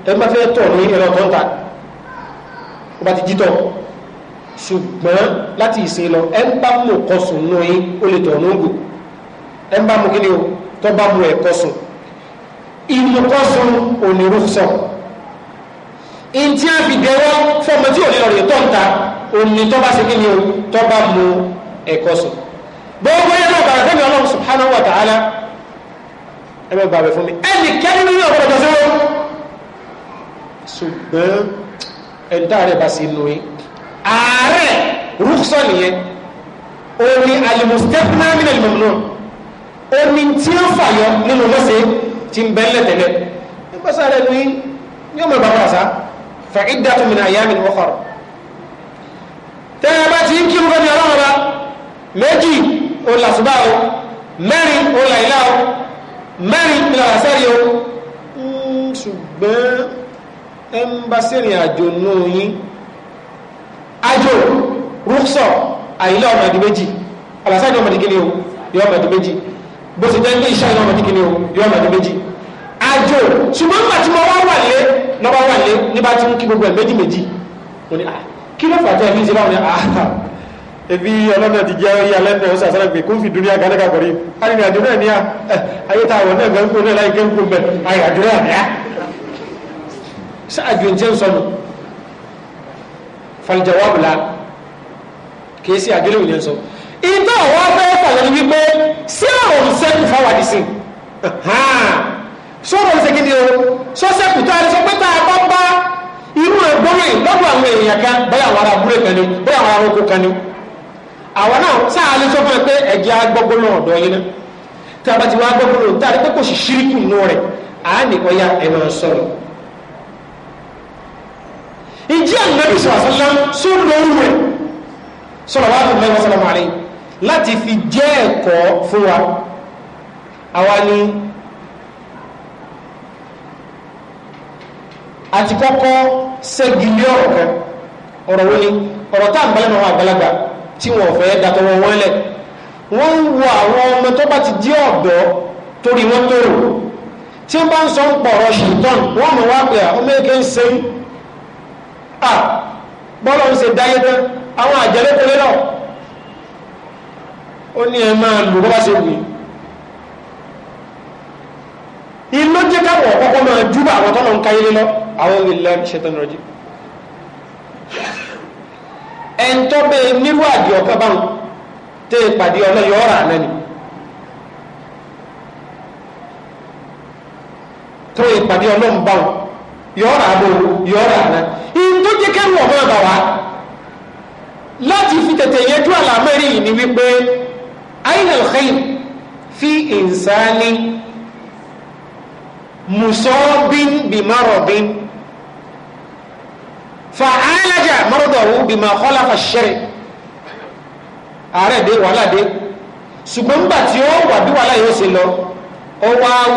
ẹ bá fẹ́ tọ̀ ní ẹlọ tó ń ta ó bá ti jítọ̀ ṣùgbọ́n láti ìṣe lọ ẹ ń bá mú ọkọ nù yín ó lè tọ̀ ẹ ń bá mú kíni o tó bá mú ẹ̀kọ́ ìlú kọ́ sùn òní àfìdẹ́wọ́ fọmọ tí ò òní tó bá ṣe kí ni o tó bá mu ẹ̀kọ́ sùn gbogbo yẹn náà bàrà tẹ́lẹ̀ ọlọ́run subhanahu wa ta'ala ẹ bẹ bàbẹ fún mi ẹnì kẹ́ni nínú ọ̀pọ̀ tó sẹ́wọ́ ṣùgbọ́n ẹ̀ńtà rẹ̀ bá sí inú yìí ààrẹ rúkṣọ́ nìyẹn omi alimustefna min alimamnu omi tí ó fàyọ nínú lọ́sẹ̀ tí ń bẹ́ẹ̀ lẹ́tẹ̀lẹ̀ nígbàsá rẹ̀ nìyí yóò mọ̀ bàbá àṣà fa'iddatun min ayamin ukhar tẹ́lẹ̀ bá ti ń kírun fẹ́mi ọlọ́run ọba méjì òun làṣùbà o mẹ́rin òun làìlá o mẹ́rin ìlànà sẹ́rí o hmm, ṣùgbọ́n ẹ ń bá sẹ́rìn àjò nù yín àjò rúkṣọ̀ àìlá ọmọ ẹ̀dí méjì àlàsá ni ọmọ ẹ̀dí kíni o yọ ọmọ ẹ̀dí méjì bó ṣe jẹ́ ilé iṣẹ́ ìlú ọmọ o yọ ọmọ méjì àjò ṣùgbọ́n màtí mo wá wà lé lọ́wọ́ wà lé ní ti ń kí gbogbo ẹ̀ méjì méjì mo ní àá ah, kí ló fàájá ẹbí ń ṣe báwọn ní àhà ah, ẹbí ah. ọlọ́nà ti jẹ́ ọyá lẹ́nu ọ̀sán sára pé kófì dúníà gánàkà kọ̀rí arìnrìn àjò náà ní eh, ayé tá àwọn náà gbẹ́ńkó náà láì gbẹ́ńkó mẹ́ arìnrìn àjò náà yá sáàjò ń tẹ́ ń sọnù fàlìjàwábù la kìí sí àjò lóòrùn yẹn sọ ìtọ́ àwọn afẹ́ fàyọ ni wípé sí àrùn sẹ́kù fáwàdì sí sọ́rọ̀ gbóyè lọ́dọ̀ àwọn èèyàn kan bẹ́ẹ̀ àwọn ará abúlé kan ni bẹ́ẹ̀ àwọn ará oko kan ni àwọn náà sáà lè sọ fún ẹ pé ẹ̀jẹ̀ agbọ́gbọ́ náà ọ̀dọ́ yín náà tí a ti wá gbọ́gbọ́ náà tá a lè pé kò sì ṣíríkù nù rẹ̀ à á nìkan ya ẹ̀ máa sọ̀rọ̀ ìjẹ́ ànábì sọ̀rọ̀sọ́lá só lórí rẹ̀ sọ̀rọ̀ wá fún mẹ́wàá sọ̀rọ̀ láti fi jẹ́ ẹ̀kọ́ fún wa àwa ni àti kọ́kọ́ ṣẹ́gilé ọ̀rọ̀ kan ọ̀rọ̀ wo ni ọ̀rọ̀ tá à ń balẹ̀ náà àgbàlagbà tí wọ́n fẹ́ dàtọ̀ wọn wọ́n lẹ̀ wọ́n ń wo àwọn ọmọ tó bá ti di ọ̀dọ́ torí wọ́n tóró tí wọ́n bá ń sọ ń pọ̀rọ̀ ṣìtọ́n wọ́n mọ̀ wá pé ọmọ èké ń ṣe ń à bọ́lọ̀ ń ṣe dáyé tán àwọn àjẹlẹ́ kọlé náà ó ní ẹ máa lò bọ́ bá ṣe wù yìí jẹ́ káwọ̀ ọ̀pọ̀pọ̀ máa júbà àwọn tọ́nà ń káyé lé lọ́wọ́ àwọn ilẹ̀ ṣetán rọjí ẹn tó bẹ nírú àdì ọ̀kan báwọn tẹ ìpàdé ọlọ́yọ̀ ọ̀rà náà ni tó ìpàdé ọlọ́run báwọn yọ̀ọ̀rà àbò yọ̀ọ̀rà náà ìyẹn tó jẹ́ kẹ́rù ọ̀gbọ́n ọ̀bà wá láti fi tètè yẹjú àlàmẹ́rin yìí ni wípé ainal khair fi insani musobin bimarobin fàálàjà mọ́rọ̀dọ̀wò bí ma kọ́lá ààrẹ dé wàhálà dé ṣùgbọ́n nígbà tí ó wà bí wàhálà yóò lọ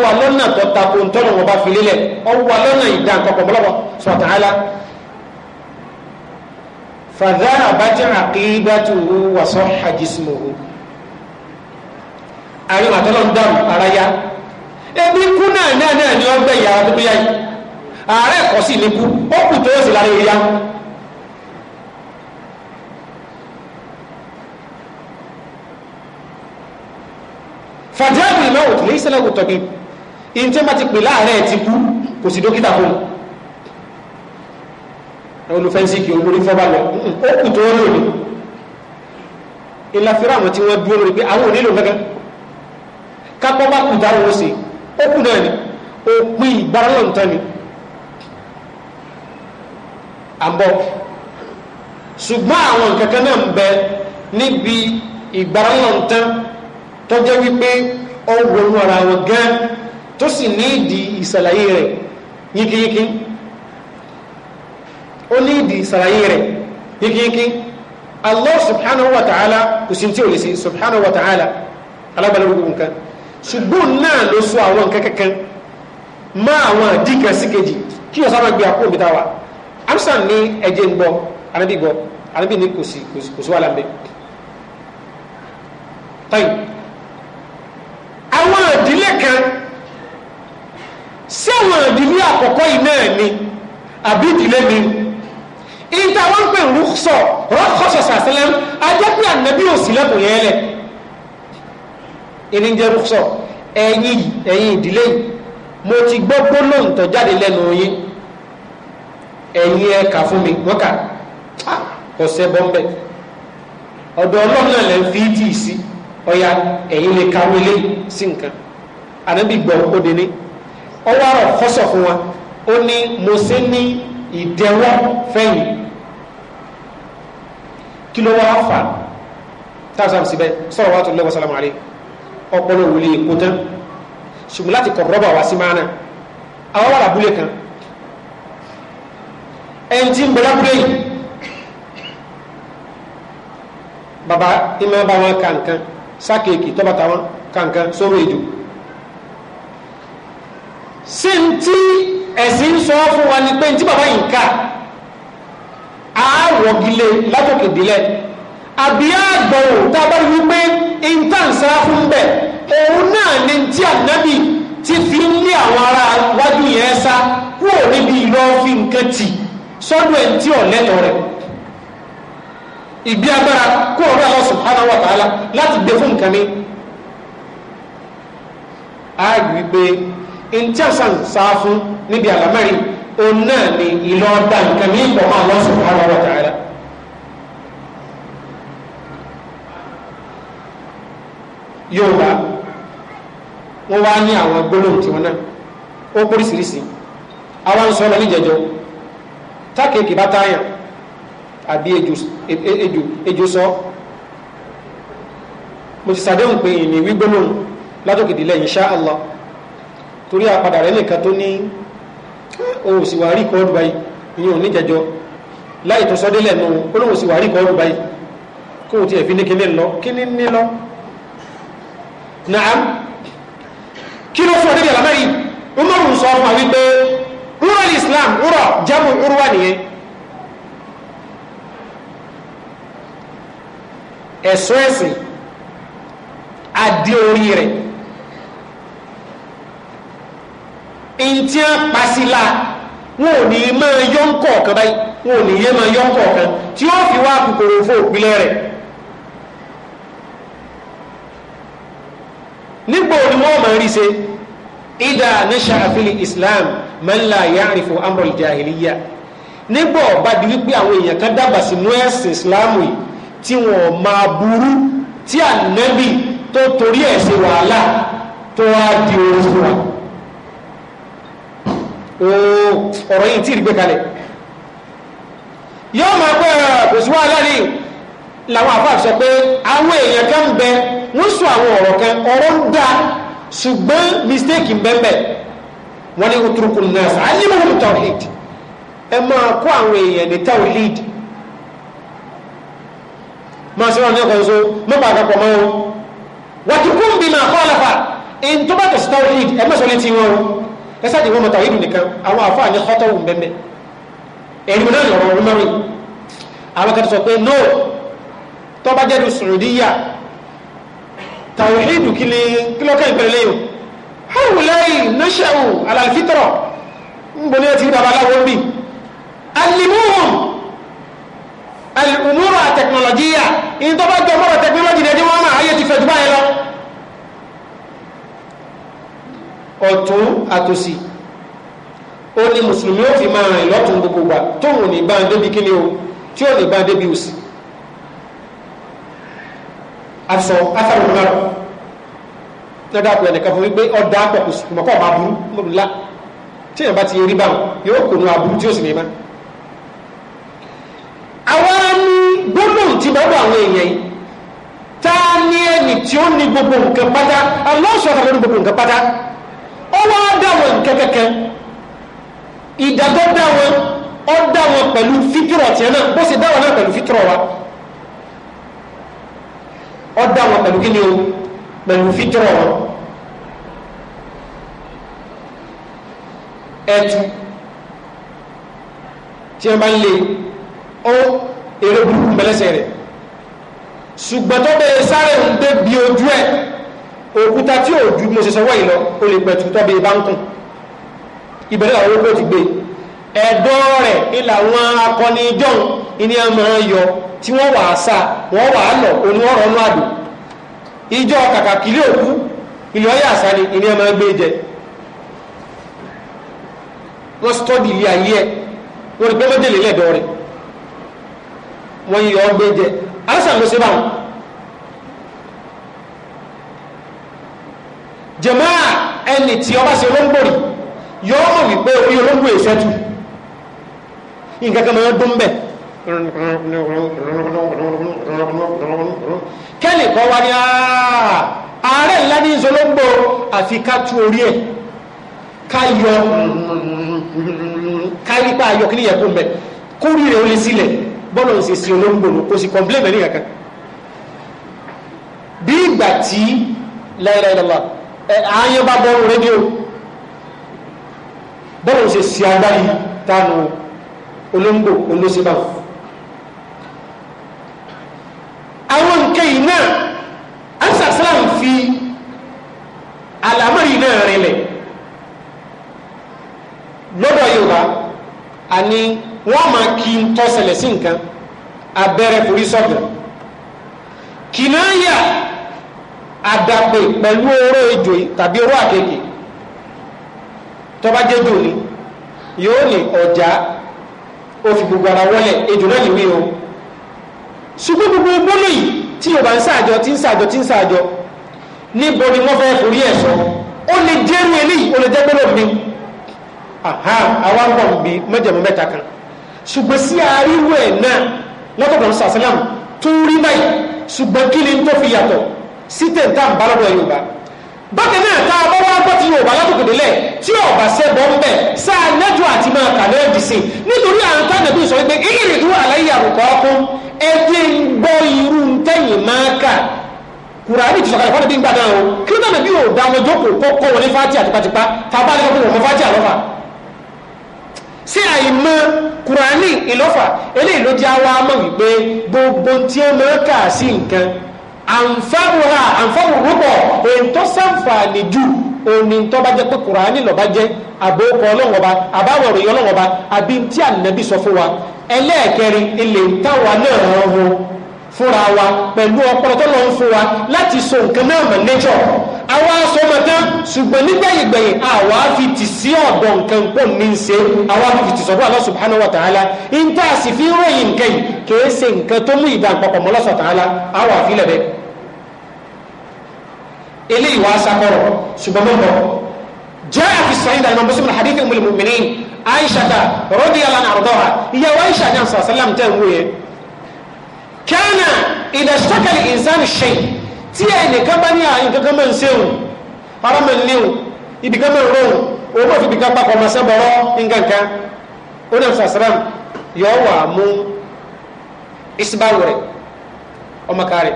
wa lọ́nà tó tako ntọ́nà wọn bá fi lélẹ̀ ọwọ́ lọ́nà ìdá nǹkan pọ̀ mọ́lọ́wọ́ sọ̀tà ala fàdára bàjẹ́ àkíbàtú wàsọ hajjismuhu àríwàtọ́lọ́ ń dàrú ara yá ebi kú náà náà ààrẹ ẹ̀kọ́ sì ní kú ó kù tó sì lára ìyá. fàjáàbù ìmọ̀ òtún lẹ́yìn sẹ́lẹ̀ òtọ́ bíi ìyẹn tí wọ́n bá ti pè láàárẹ̀ ti kú kò sí dókítà fún un olùfẹ́síkì olórí fọ́bá lọ ó kù tó lò ní ìlàfíra àwọn tí wọ́n dúró lórí pé àwọn onílò gẹ́gẹ́ kápọ́ bá kù dáwọ́ sí ó kù náà ni òpin ìgbáralọ́ntán ni àbọ̀ ṣùgbọ́n àwọn nǹkan kan náà ń bẹ níbi ìgbàránlọ́ntán tó jẹ́ wípé ó wọnú ara wọn gán tó sì ní ìdí ìsàlàyé rẹ̀ yíkíyíkí ó ní ìdí ìsàlàyé rẹ̀ yíkíyíkí Allah subhanahu wa ta'ala kò sí tí ò lè sí subhanahu wa ta'ala alábàlẹ̀ gbogbo nǹkan ṣùgbọ́n náà ló sọ àwọn nǹkan kankan má àwọn àdíkà síkejì kí ọ̀sán máa gbé àpò òmìtá wa amsan ni ẹ̀jẹ̀ ń gbọ́ anabi gbọ́ anabi ní kò sí kò sí wàhálà ń bẹ. tọ́yìn àwọn ìdílé kan sí àwọn ìdílé àkọ́kọ́ yìí náà ni àbí ìdílé mi ìta wọn pè ń rúkṣọ rọkọṣọ sàṣẹlẹm ajẹpẹ ànábì òsìlẹkùn yẹn lẹ ìní jẹ rúkṣọ ẹ̀yin ẹ̀yin ìdílé yìí mo ti gbọ́ gbólóǹtọ̀ jáde lẹ́nu yín ẹ̀yin ẹ kà fún mi wọ́n kà ah, ọ̀sẹ̀ bọ́m̀bẹ̀ ọ̀dọ̀ ọlọ́run náà lẹ́ ń fi tì í sí ọ̀ya ẹ̀yin lè kàwé lé sí nǹkan ànábì gbọ́ ó ní ọwọ́ àrọ̀ fọ́sọ̀ fún wa ó ní mo ṣe ní ìdẹ́wọ́ fẹ́yìn kí ló wá fà táwọn síbẹ̀ sọ̀rọ̀ wa tó lọ́wọ́ sálámù àlẹ́ ọpọlọ òwúlé èkó tán ṣùgbọ́n láti kọ̀ rọ́bà wá sí máa náà àwọn wàrà abúlé kan ẹni tí ń bẹ̀rẹ̀ pé baba ìmọ̀ bá wọn kankan sákèèkì tọ́bàtà wọn kankan sórí èdò sí ń tí ẹ̀sìn sọ fún wa ni pé ní tí baba yìí ká àárọ̀gilé látòkè délẹ̀ àbí àgbọ̀wò tá a bá rí wípé intansa fún bẹ́ẹ̀ òun náà ni tí ànábì ti fi ń lé àwọn ará wájú yẹn sá kúrò níbi ìlọ́ọ̀fin nǹkan sọ́dọ̀ ẹ̀ tí ọ̀ lẹ́tọ̀ rẹ̀ ìgbé agbára kó ọ̀rọ̀ Allah subhanahu wa ta'ala láti gbé fún nǹkan mi a gbé pé intasan sáà fún níbi àlámẹ́rin òun náà ni ìlọ́ọ̀dà nǹkan mi pọ̀ mọ́ Allah subhanahu wa ta'ala Yorùbá wọ́n wá ní àwọn gbólóhùn tiwọn náà ó póríṣiríṣi àwọn sọ́ọ́ lọ níjẹ̀jọ́ tákèké bá táyàn àbí ejò sọ mo ti sàdéhùn pé ìní wígbónóhùn látòkèdìlẹ̀ insha Allah torí àpadà rẹ̀ nìkan tó ní ohun sì wà rí kọ́ọ̀dù báyìí ìyẹn ò ní jẹjọ láì tó sọdélẹ̀ nù olóhùn sì wà rí kọ́ọ̀dù báyìí kó o tiẹ̀ fi ní kíní lọ kíní ní lọ nàám kí ló fún ọdẹ́dẹ̀ àlámẹ́rì Umaru sọ ọmọ wípé wúrọ̀ islam wúrọ̀ jámù urwa nìyẹn ẹ̀sọ́ ẹ̀sìn adé orí rẹ̀ ntí a pasila wọn ò ní máa yọ nkọ̀ọ̀kan báyìí wọn ò ní yẹ máa yọ nkọ̀ọ̀kan tí ó fi wá kòkòrò fún òpilẹ̀ rẹ̀ nígbò ni wọ́n máa rí ṣe ìdá nasha àfihàn islam man la ya'rifu amrul jahiliya nígbà ọba di wípé àwọn èèyàn kan dábàá sínú ẹ̀sìn ìsìláàmù yìí tí wọn máa burú tí ànábì tó torí ẹ̀ ṣe wàhálà tó wá di oorun fún wa ọ̀rọ̀ yìí tí ìrìgbé kalẹ̀ yóò máa pẹ́ kò sí wàhálà ní làwọn àfáà sọ pé àwọn èèyàn kan bẹ wọ́n sọ àwọn ọ̀rọ̀ kan ọ̀rọ̀ ń da ṣùgbọ́n mistake ń bẹ́ẹ̀ bẹ́ẹ̀ wọ́n ní uturukun nas alimuhum tawhid ẹ máa kó àwọn èèyàn ní tawhid máa sọ wọn ní ọkàn so mọ́pà àkàpọ̀ mọ́ wọn wàtukún bí máa kọ́ ọlọ́fà in tó bá tẹ̀sí tawhid ẹ mọ́sọ̀ létí wọn ẹ sáàdì wọn mọ tawhid nìkan àwọn àfáà ní kọ́tọ̀ wù bẹ́ẹ̀ ẹ̀rí mi náà ní ọ̀rọ̀ mọ́rin àwọn kan sọ pé no tó bá sùrùdíyà tawhid kí lọ́kàn hawulayi nashahu alalfitọrọ n bolo yẹ ti babaláwo bi alimuhun alumura tẹkinọlọjiya ntọba jọmọrọ tẹkinọlọji dẹ ni wọn ma ayé ti fẹ́ juba yẹ lọ ọ̀tún àtòsí ó ní mùsùlùmí ó fi máa rìn lọ́tún gbogbo wa tóun ní bá ń débi kíni o tí ò ní bá débi òsì àfisọ afárùnmárùn náà dàpọ̀ ẹnìkan fún wípé ọ̀dà pọ̀ kò sùn mọ̀kọ́ máa burú mọ̀lá tí èèyàn bá ti rí báwọn yóò kò nu aburú tí ó sì ní ma. àwa ni gbọ́dọ̀ ti bá wà àwọn èèyàn yìí ta ni ẹni tí ó ní gbogbo nǹkan pátá alọ́sọ̀ àtàkùn ní gbogbo nǹkan pátá ó wá dá wọn nǹkan kẹ̀kẹ́ ìdàgbọ́ dá wọn ó dá wọn pẹ̀lú fítírọ̀ tiẹ̀ náà bó sì dá wọn náà pẹ̀lú fítírọ̀ wa ó dá wọn pẹ̀lú kí ni o pẹ̀lú fítọ̀ ẹtù tí ẹ máa ń le ó èrè burúkú mẹlẹsẹ rẹ ṣùgbọ́n tó bẹ́ẹ̀ sáré ń gbé bí ojú ẹ̀ òkúta tí ò ju mo ṣe sọ wọ́yìí lọ ó lè pẹ̀tù tó bẹ́ẹ̀ bá ń kún ìbẹ̀rẹ̀ àwọn olóko ti gbé ẹ̀dọ́ rẹ̀ ilà àwọn akọni jọ̀hún ìní àmọ́ yọ tí wọ́n wàá sá wọ́n wàá lọ oníwọ̀rọ̀ àdùn ìjọ kàkà kìlẹ̀ òkú ilé ọyà àṣà ni ilé ọmọ ẹgbẹ́ jẹ wọ́n stọ́dì ilé ayé ẹ̀ wọ́n rí pé wọ́n délé lẹ́dọ̀ rẹ̀ wọ́n yọ ọgbẹ́ jẹ alásà ló ṣe báwọn. ẹni tí ọba ṣe olóńgbòrì yọ ọmọ wípé orí olóńgbò ìṣẹ́jú nǹkan kan máa ń dún bẹ́ẹ̀ kẹ́lì kọ́ wá ní ààrẹ ńlá ní ìṣológbò àfi ká tú orí ẹ̀ ká yọ ká nípa ayọ̀ kí níyẹn kó mẹ́ kó rí rẹ̀ ó lé sílẹ̀ bọ́lọ̀ ń ṣe sí ológbò kò sì kọ̀m̀plé mẹ́rin kankan bí ìgbà tí lẹ́rẹ̀lọ́wà ààyàn bá bọ́ọ̀rù rédíò bọ́lọ̀ ń ṣe sí tánu ológbò olóṣèbáwò àwọn nǹkan yìí náà ansaslam fi àlámọ̀rí náà rinlẹ̀ lọ́dọ̀ yorùbá àní wọ́n máa kí n tọ́ ṣẹlẹ̀ sí nǹkan abẹ́rẹ́ forí sọ́gbẹ̀ kìnnáyà àdàpè pẹ̀lú oró ejò tàbí oró àkekè tọ́bá jẹ́jọ́ ni yóò ní ọjà ó fi gbogbo ara wọlé ejò náà ní wí o ṣùgbọ́n gbogbo gbólóyìn tí yorùbá ń ṣàjọ tí ń ṣàjọ tí ń ṣàjọ níbo ni wọ́n fẹ́ forí ẹ̀ sọ ó lè jẹ́rú eléyìí ó lè jẹ́ gbólóyìn mi àhá àwa ń bọ̀ bí mẹ́jẹ̀mú mẹ́ta kan ṣùgbọ́n sí àríwọ̀ ẹ̀ náà wọ́n tọ̀dọ̀ ń sàṣẹ́lám tó rí báyìí ṣùgbọ́n kí ni tó fi yàtọ̀ sí tẹ̀ǹtà ń bá lọ́dọ̀ yorùbá bákan náà tá a bá wá gbọ́ ti yorùbá látòkèdélẹ̀ tí ọba sẹ́bọ̀ ń bẹ̀ sáà nẹ́jọ́ àti máa kà náà dì sí nítorí àwọn tánàbí sọ wípé ìrìn ìlú àlàyé àrùkọ́ ọkún ẹgbẹ́ ń gbọ́ irú tẹ́yìn máa kà kùràní ti sọ̀kalẹ̀ fọ́nà bí ń gbà náà o kí ló tánàbí ò dá wọn jókòó kó kọ́ wọn ní fátì àtipátipá tàbá ní ọkùnrin ọmọ fátì àlọ́fà sí àìmọ̀ kùràní ìlọ́fà eléyìí ló jẹ́ àwa mọ̀ wípé gbogbo tí ó máa kà sí nǹkan ànfàrùhà ànfàrùrùbọ̀ èntọ́ sànfààní jù òní ntọ́ bá jẹ́ pé kùránì lọ́ba jẹ́ àbókọ ọlọ́wọ́ba àbáwọ̀ òròyìn ọlọ́wọ́ba àbí tí ànábì sọ fún wa ẹlẹ́ẹ̀kẹrin ilé táwa náà ọ̀hún fúnra wa pẹ̀lú ọpọlọ tó lọ ń fún wa láti so nǹkan náà mọ̀ nature àwa aṣọ ọmọ tán ṣùgbọ́n nígbẹ̀yìngbẹ̀yìn àwa fi tì sí ọ̀dọ̀ nǹkan pọ̀ ní í ṣe àwa fi tì sọ́dọ̀ Allah subhanahu wa ta'ala níta sì fi ròyìn nǹkan yìí kì ṣe nǹkan tó mú ìdá àpapọ̀ mọ́ Allah ta'ala àwa àfilẹ̀ bẹ́ẹ̀ eléyìí wàá sakọrọ ṣùgbọ́n mọ́ bọ́ jẹ́ àfisàn ìdáná ìmọ̀ bísí hadith umul mu'minin aisha ta radiyallahu anha ìyàwó aisha ní àṣà sálàm tẹ́ ń wú yẹn kana idha ishtaka al-insanu shay tí ẹnìkan bá ní àyìn kankan máa ń sẹ́wọ̀n ara máa ń léwọ̀n ibìkan máa ń rọrùn òun máa fi ibìkan papọ̀ máa sẹ́bọ̀rọ̀ nǹkan kan ó ní àṣà sálàm yọ wà mú isbaru rẹ̀ ọmọ kárẹ̀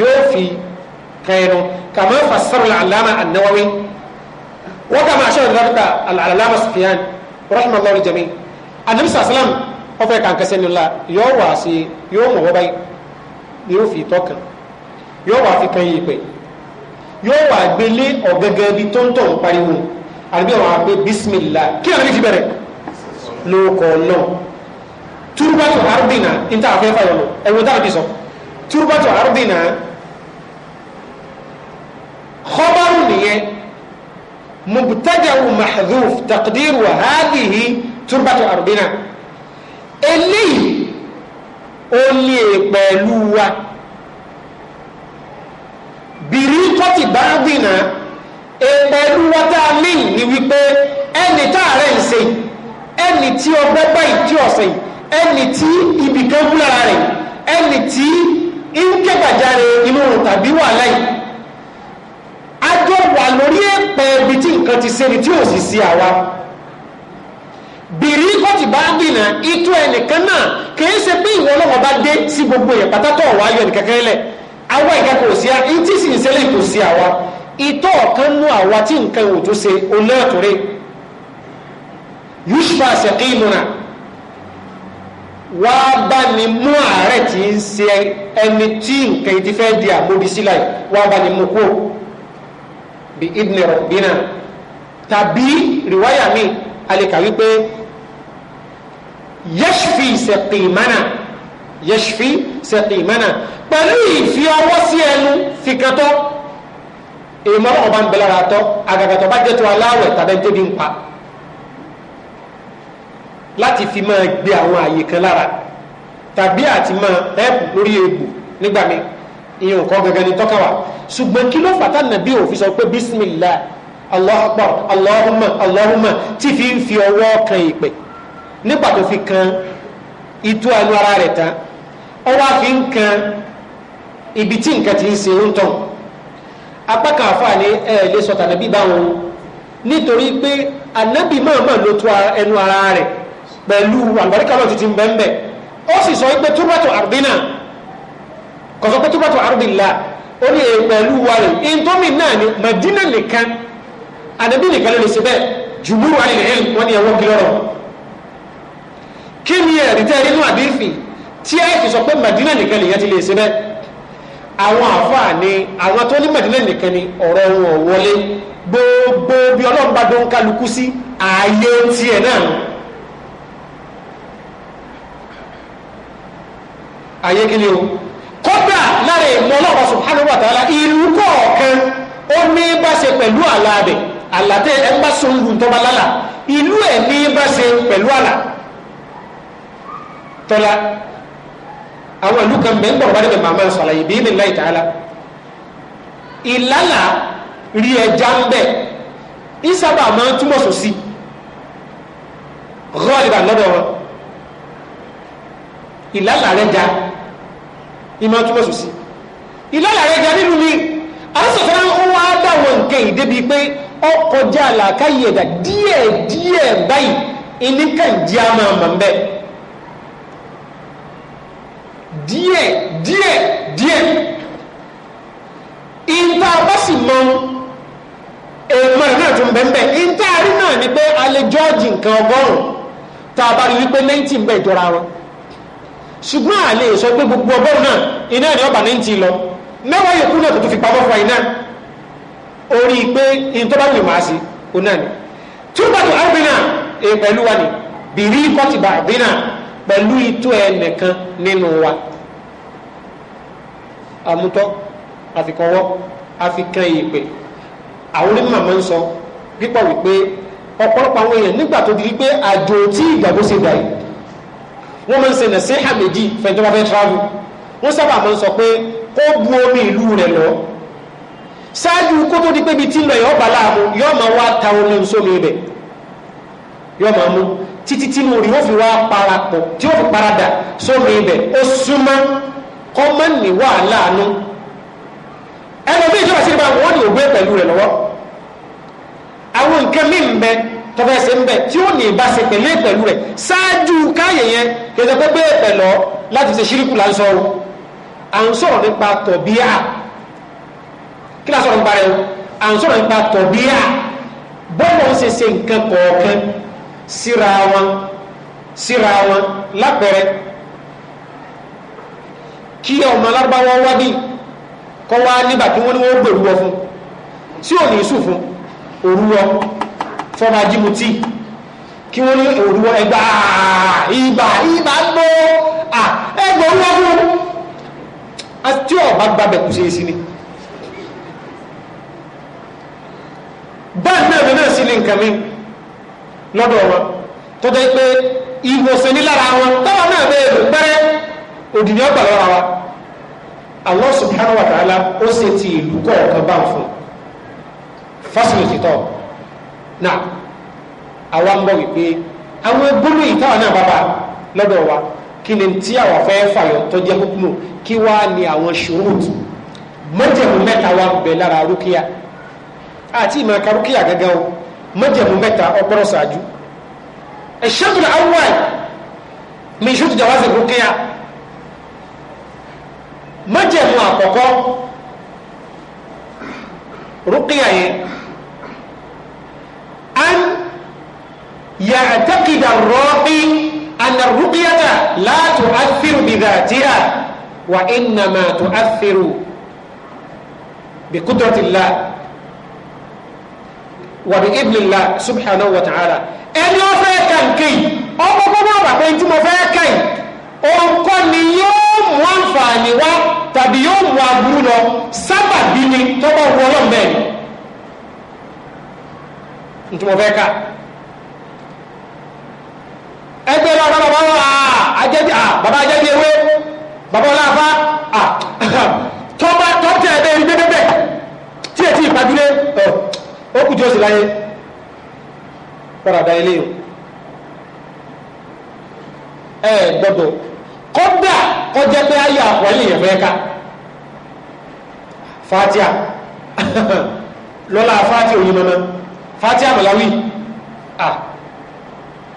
yóò fi كينو كما فسر العلامة النووي وكما أشار ذلك العلامة سفيان رحمه الله الجميع النبي صلى الله عليه وسلم ọfẹ kankan sẹni la yóò wá sí yóò mọ wọba yóò fi tọkàn yóò wá fi kan yìí pẹ yóò wá gbélé ọgẹgẹ bíi tóńtò ń pariwo àbí àwọn àgbẹ bisimilá kí àwọn ẹni fi bẹ̀rẹ̀ lóòkọ náà turubatu arudina níta àfẹ́fà yọ lọ ẹ̀wọ̀n tá a fi sọ turubatu arudina khabaru nìyẹn mubtada'u mahdhuf taqdiru wa hadhihi turbatu ardina eléyìí ó lè pẹ̀lú wa bìrí tọ́tì bá dìnà pẹ̀lú wa tá a léyìn ni wípé ẹni tá a rẹ̀ ń ṣe ẹni tí ọgbẹ́ báyìí tí ọ̀sẹ̀ yìí ẹni tí ibìkan kú rẹ̀ ẹni tí ń kẹ́gbàjáre inú tàbí wà láyìí ajọ wà lórí ẹ̀pẹ̀ ibi tí nǹkan ti ṣe ni tí ò sì sí àwa bìrí kọ́tì bá gbìnà itú ẹnìkan náà kìí ṣe pé ìwọ ọlọ́wọ́ bá dé sí gbogbo ẹ̀ pátátọ̀ wà yọ nìkan kan lẹ̀ àwa ìka kò sí a ìtí sì ń ṣẹlẹ̀ kò sí àwa ìtọ́ kan nú àwa tí nǹkan ò tó ṣe onáàtúrẹ́ yusufa sẹ̀kìmùnà wá bá ní mú ààrẹ tí ń ṣe ẹni tí nǹkan ti fẹ́ di àmóbisílà wá bá ní mú kúrò bí ibn rabbina tàbí rìwáyà mi alẹ́ka wípé yẹ́ṣfì sẹ̀kìmánà yẹ́ṣfì sẹ̀kìmánà pẹ̀lú ìfi ọwọ́ sí ẹnu fìkàtọ́ èèmọ́ ọba ń bẹ̀lára tọ́ àgàgàtọ̀ bá jẹ́ tó aláwẹ̀ tàbí débi ń pa láti fi máa gbé àwọn àyè kan lára tàbí àti máa ẹ̀pù lórí egbò nígbà míì ìyẹn ò kọ́ gẹ́gẹ́ ní tọ́ka wa ṣùgbọ́n kí ló fàtà nàbí òfin sọ pé bismillah Allahu Akbar Allahumma Allahumma tí fi ń fi ọwọ́ kan ìpè nígbà tó fi kan itú àánú ara rẹ̀ tán ọwọ́ àfi ń kan ibi tí nǹkan ti ń ṣe ń tàn apá kan àfààní ẹ lè sọ tànàbí báwọn nítorí pé ànábì mọ̀ọ́mọ̀ ló tú ẹnu ara rẹ̀ pẹ̀lú àgbàríkà tuntun bẹ́ẹ̀ bẹ́ẹ̀ ó sì sọ pé túbọ̀tò àdínà kọ̀sọ́ pé túbọ̀tù àrùbìlà ó ní pẹ̀lú wa rẹ̀ ìntọ́mì náà ni Madina nìkan àdàbí nìkan ló lè ṣe bẹ́ẹ̀ jùmúrù àìlẹ̀ wọn ni ẹ̀wọ́n kìlọ́rọ̀ kí ni ẹ̀rí tẹ́ nínú àdífì tí ẹ̀ fi sọ pé Madina nìkan lèyàn ti lè ṣe bẹ́ẹ̀ àwọn àfáà ni náà ààyè kí ni o kódà lára ìmọ̀ ọlọ́run subhanahu wa ta'ala ìlú kọ̀ọ̀kan ó ní bá ṣe pẹ̀lú àlá rẹ̀ àlá tẹ ẹ bá so ń lu tọ́ba lálà ìlú ẹ̀ ní bá ṣe pẹ̀lú àlá tọ́lá àwọn ìlú kan bẹ́ẹ̀ ń bọ̀rọ̀ bá dẹ̀ màmá sọ̀rọ̀ yìí bí láì ta'ala ìlàlà rí ẹja ń bẹ̀ ìsábà máa ń túmọ̀ sòsí rọ́ọ̀lì bá lọ́dọ̀ wọn ìlàlà rẹ̀ ìmọ̀ túbọ̀ sùn sí ìlọ́lá rẹ̀ jẹ́ nínú mi asòfin ó wá dáwọn nǹkan ìdébi pé ọkọ̀ jẹ́ àlàkáyè ẹ̀dà díẹ̀ díẹ̀ báyìí ìní kàn jẹ́ àmà àmà ń bẹ́ díẹ̀ díẹ̀ díẹ̀ ìta bá sì mọ èèmọ̀ rẹ̀ náà tún bẹ́ẹ̀ ìta rí náà ni pé alẹ́ jọ́ọ̀jì nǹkan ọgọ́rùn-ún tá wípé 90 ń bẹ wọn ṣùgbọ́n a lè sọ pé gbogbo ọgọ́rùn náà iná ni ọba ní ti lọ mẹ́wàá yòókù náà tó tún fi pamọ́ fún iná orí pé in tó bá wù máa sí òun náà ni tí ó bá tó arbina èyí pẹ̀lú wa ni bìrí kọ́tìbà bínà pẹ̀lú itó ẹnìkan nínú wa àmútọ́ àfikọwọ́ àfikàn ìpè àwọn onímọ̀ máa ń sọ pípọ̀ wípé ọ̀pọ̀lọpọ̀ àwọn èèyàn nígbà tó di wípé àjò tí ìgbàgbó ṣe dà yìí wọ́n máa ń ṣe nàṣẹ́ àmẹ́jì fẹ́ntọ́ bá fẹ́ travel wọ́n sábà máa ń sọ pé kó bu omi ìlú rẹ̀ lọ ṣáájú kó tó di pé ibi tí ń lọ yọ̀ bá láàmú yọ̀ máa wá ta omi sómi ibẹ̀ yọ̀ máa mú títí tí mo rí ó fi wá parapọ̀ tí ó fi parada sómi ibẹ̀ ó súnmọ́ kọ́ máa ń ní wàhálà àánú ẹnu bí ìjọba sílẹ̀ máa wọ́n ní ògbé pẹ̀lú rẹ̀ lọ́wọ́ àwọn nǹkan mí ń bẹ tọ́fẹ́sẹ̀ ń bẹ tí ó ní ìbáṣe pẹ̀lú pẹ̀lú rẹ̀ ṣáájú káyẹ̀ kẹsẹ̀ pé gbé ẹ̀pẹ̀ lọ láti ṣe ṣíríkù là ń sọ o à ń sọ̀rọ̀ nípa tọ̀bíà kí ni a sọ̀rọ̀ nípa rẹ̀ o à ń sọ̀rọ̀ nípa tọ̀bíà bọ́ọ̀lù ń ṣe ṣe nǹkan kọ̀ọ̀kan síra wọn síra wọn lápẹ̀rẹ̀ kí ọmọ alárúbáwọ́ wá bí kọ́ wá nígbà tí wọ́n ní wọ́n gbèrú wọ fún tí ò ní sùn fún òru wọ fọmọ ajímutí kí wọ́n ní òrùwọ́ ẹgbà ìgbà ìgbà gbó ẹgbà ológun tí ọba gbàgbẹ kù sí sí ni báyìí náà náà sí ní nǹkan mi lọ́dọ̀ wọn tó jẹ́ pé ìwòsàn nílára wọn táwọn náà bẹ́ẹ̀ lò pẹ́rẹ́ òdìní ọgbà lọ́ra wa Allah subhanahu wa ta'ala ó ṣe ti ìlú kọ̀ọ̀kan bá ń fún fásitì tọ́ náà àwa ń bọ̀ wípé àwọn gbólóhùn yìí táwọn náà bàbá lọ́dọ̀ wa kí ni tí àwa fẹ́ fàyọ̀ tó jẹ́ kúkúrò kí wá ní àwọn ṣòwòtú mọ́jẹ̀mú mẹ́ta wa ń bẹ lára rúkìá àti ìmọ̀ ẹ̀ka rúkìá gẹ́gẹ́ o mọ́jẹ̀mú mẹ́ta ọgbọ́rọ̀ ṣáájú ẹ̀ṣẹ́ àwọn àyè mi ṣó ti sí rúkìá mọ́jẹ̀mú àkọ́kọ́ rúkìá yẹn يعتقد الراقي أن الرقية لا تؤثر بذاتها وإنما تؤثر بقدرة الله وبإذن الله سبحانه وتعالى ẹni ó fẹ́ kàǹkì ọmọ gbogbo àbàpẹ́ tí mo fẹ́ kàì òǹkọ́ ni yóò mú àǹfààní wá tàbí yóò mú aburú lọ sábàbí ni tó bá wọlọ́ mẹ́rin ní tí mo fẹ́ kàì ẹgbẹ́ náà bàbá wọn àjẹbí bàbá àjẹbí ah, ewé bàbá wọn láfa tọ́ba tọ́tẹ̀ ẹ̀ bẹ́ẹ̀ bẹ́ẹ̀ bẹ́ẹ̀ tí etí ìpàdúlé ó kù tí ó sì láyé padà da ilé o ẹ gbọ́dọ̀ kódà kọjá pé ayé àpọ̀lì yẹn fẹ́ ká fatia lọ́la fatia òyìnbọn fatia malawi ah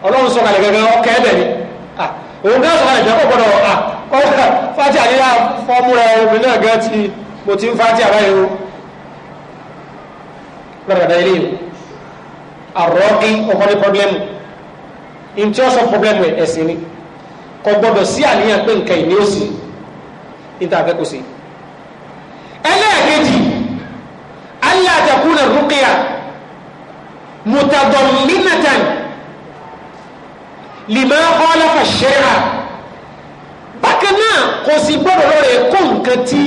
ọlọ́run sọ̀kalẹ̀ gẹ́gẹ́ ọkẹ́ ẹ̀bẹ̀ ni òun gán sọ̀kalẹ̀ jẹ́ kó gbọ́dọ̀ ọ̀rọ̀ fati àdíyà fọ́múra obìnrin náà gẹ́ ti mo ti ń fati àbáyé o ilé yìí àrọ́kí ọkọ̀ ní pọ́blẹ́mù in tí ó sọ pọ́blẹ́mù ẹ̀sìn ni kò gbọ́dọ̀ sí àníyàn pé nǹkan ìní ó sì níta àfẹ́ kò sí ẹlẹ́ẹ̀kejì alẹ́ àtẹ̀kùnrin rúkìá mutadọ̀mínàtàn lìmọ́ ọ́lọ́fà ṣẹ́ra bákan náà kò sí gbọ́dọ̀ lọ́rẹ̀ kó nǹkan tí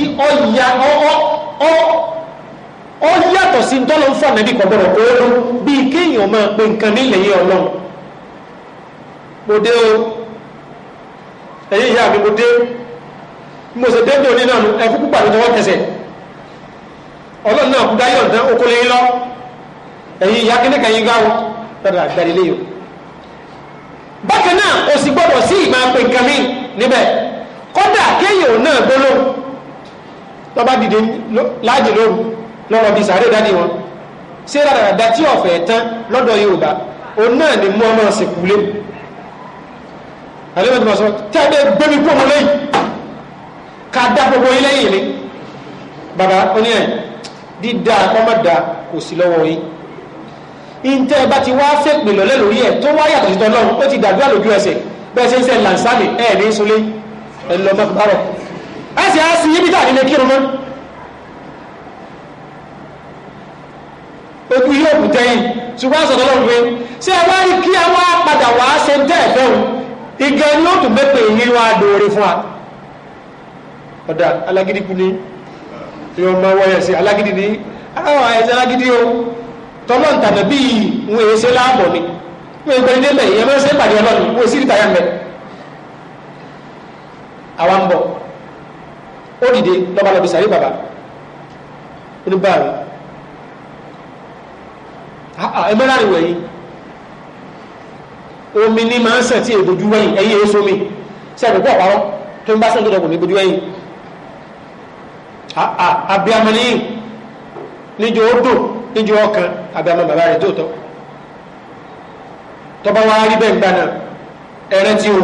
ó yàtọ̀ sí tọ́lọ́ ń fọ́ ànábì kọ́ gbọ́dọ̀ kó ló bí kéèyàn máa pe nǹkan nílẹ̀ yìí ọlọ́run mo dé o ẹ̀yìn ìyá mi mo dé mo sì dé bí náà ẹ̀fún púpà mi tọwọ́ tẹsẹ̀ ọlọ́run náà kú dáyọ̀ dán okòó lọ ẹ̀yìn ìyá kíníkà yín gáwó tọ́lá àgbàdìlẹ́yìn bákan náà o sì gbọ́dọ̀ sí ìmọ̀ apẹ̀ nǹkan mi níbẹ̀ kódà kéèyàn náà gbóló lọ́ba dìde láàjì lóru lọ́rọ̀ bíi sàárè dání wọn ṣé rárá tí ọ̀fẹ́ tán lọ́dọ̀ Yorùbá òun náà ni mú ọmọ sìnkú lé alẹ́ mẹ́tọ́ sọ dá gbogbo yín ntẹ́ bá ti wá fẹ́ pè lọ́lẹ́ lórí ẹ̀ tó wá yàtọ̀ síta ọlọ́run ó ti dàdúrà lójú ẹsẹ̀ bẹ́ẹ̀ ṣe ń sẹ́ lansani ẹ̀ ní sulé ẹ̀ lọ mọ́ bárọ̀ ẹ̀ sì á sí yíbi tá àdínlẹ̀ kírun mọ́ ogun yóò kù tẹ́yìn ṣùgbọ́n sọ̀tọ̀ lọ́run pé ṣé ẹ wá rí kí a wá padà wá ṣe ń tẹ́ ẹ̀ fẹ́ o ìgẹ ni ó tún mẹ́pẹ̀ yìí wá dòore fún wa ọ̀dà alágídí kú ni yóò máa wọ́yẹ̀ sí alágídí ni àwọn ẹ̀sẹ̀ alágídí o tọ́lọ́ ntàdà bíi wọn èyí ṣe láàbọ̀ ni wọn èyí gbẹ́ni débẹ̀ ìyẹn mẹ́rin ṣe pàdé ọlọ́ni wọn èsì ìtayà mẹ́. àwa ń bọ̀ ó dìde lọ́ba lọ́bi sàrí bàbá inú bá rẹ̀ ẹgbẹ́rẹ́ àìwẹ̀ yìí omi ní máa ń sàn tí èdòjú wẹ̀yìn ẹ̀yìn èso mi sẹ́ẹ̀dù pọ̀ pàrọ̀ tó ń bá sàn tó dọ̀kùn níbojú wẹ̀yìn abiamani níjọ ó dùn níjọ ọka àbí àmọ́ bàbá rẹ̀ tó tọ́ tọ́ba wa rí bẹ́ẹ̀ gbà náà ẹ̀rẹ́ tí o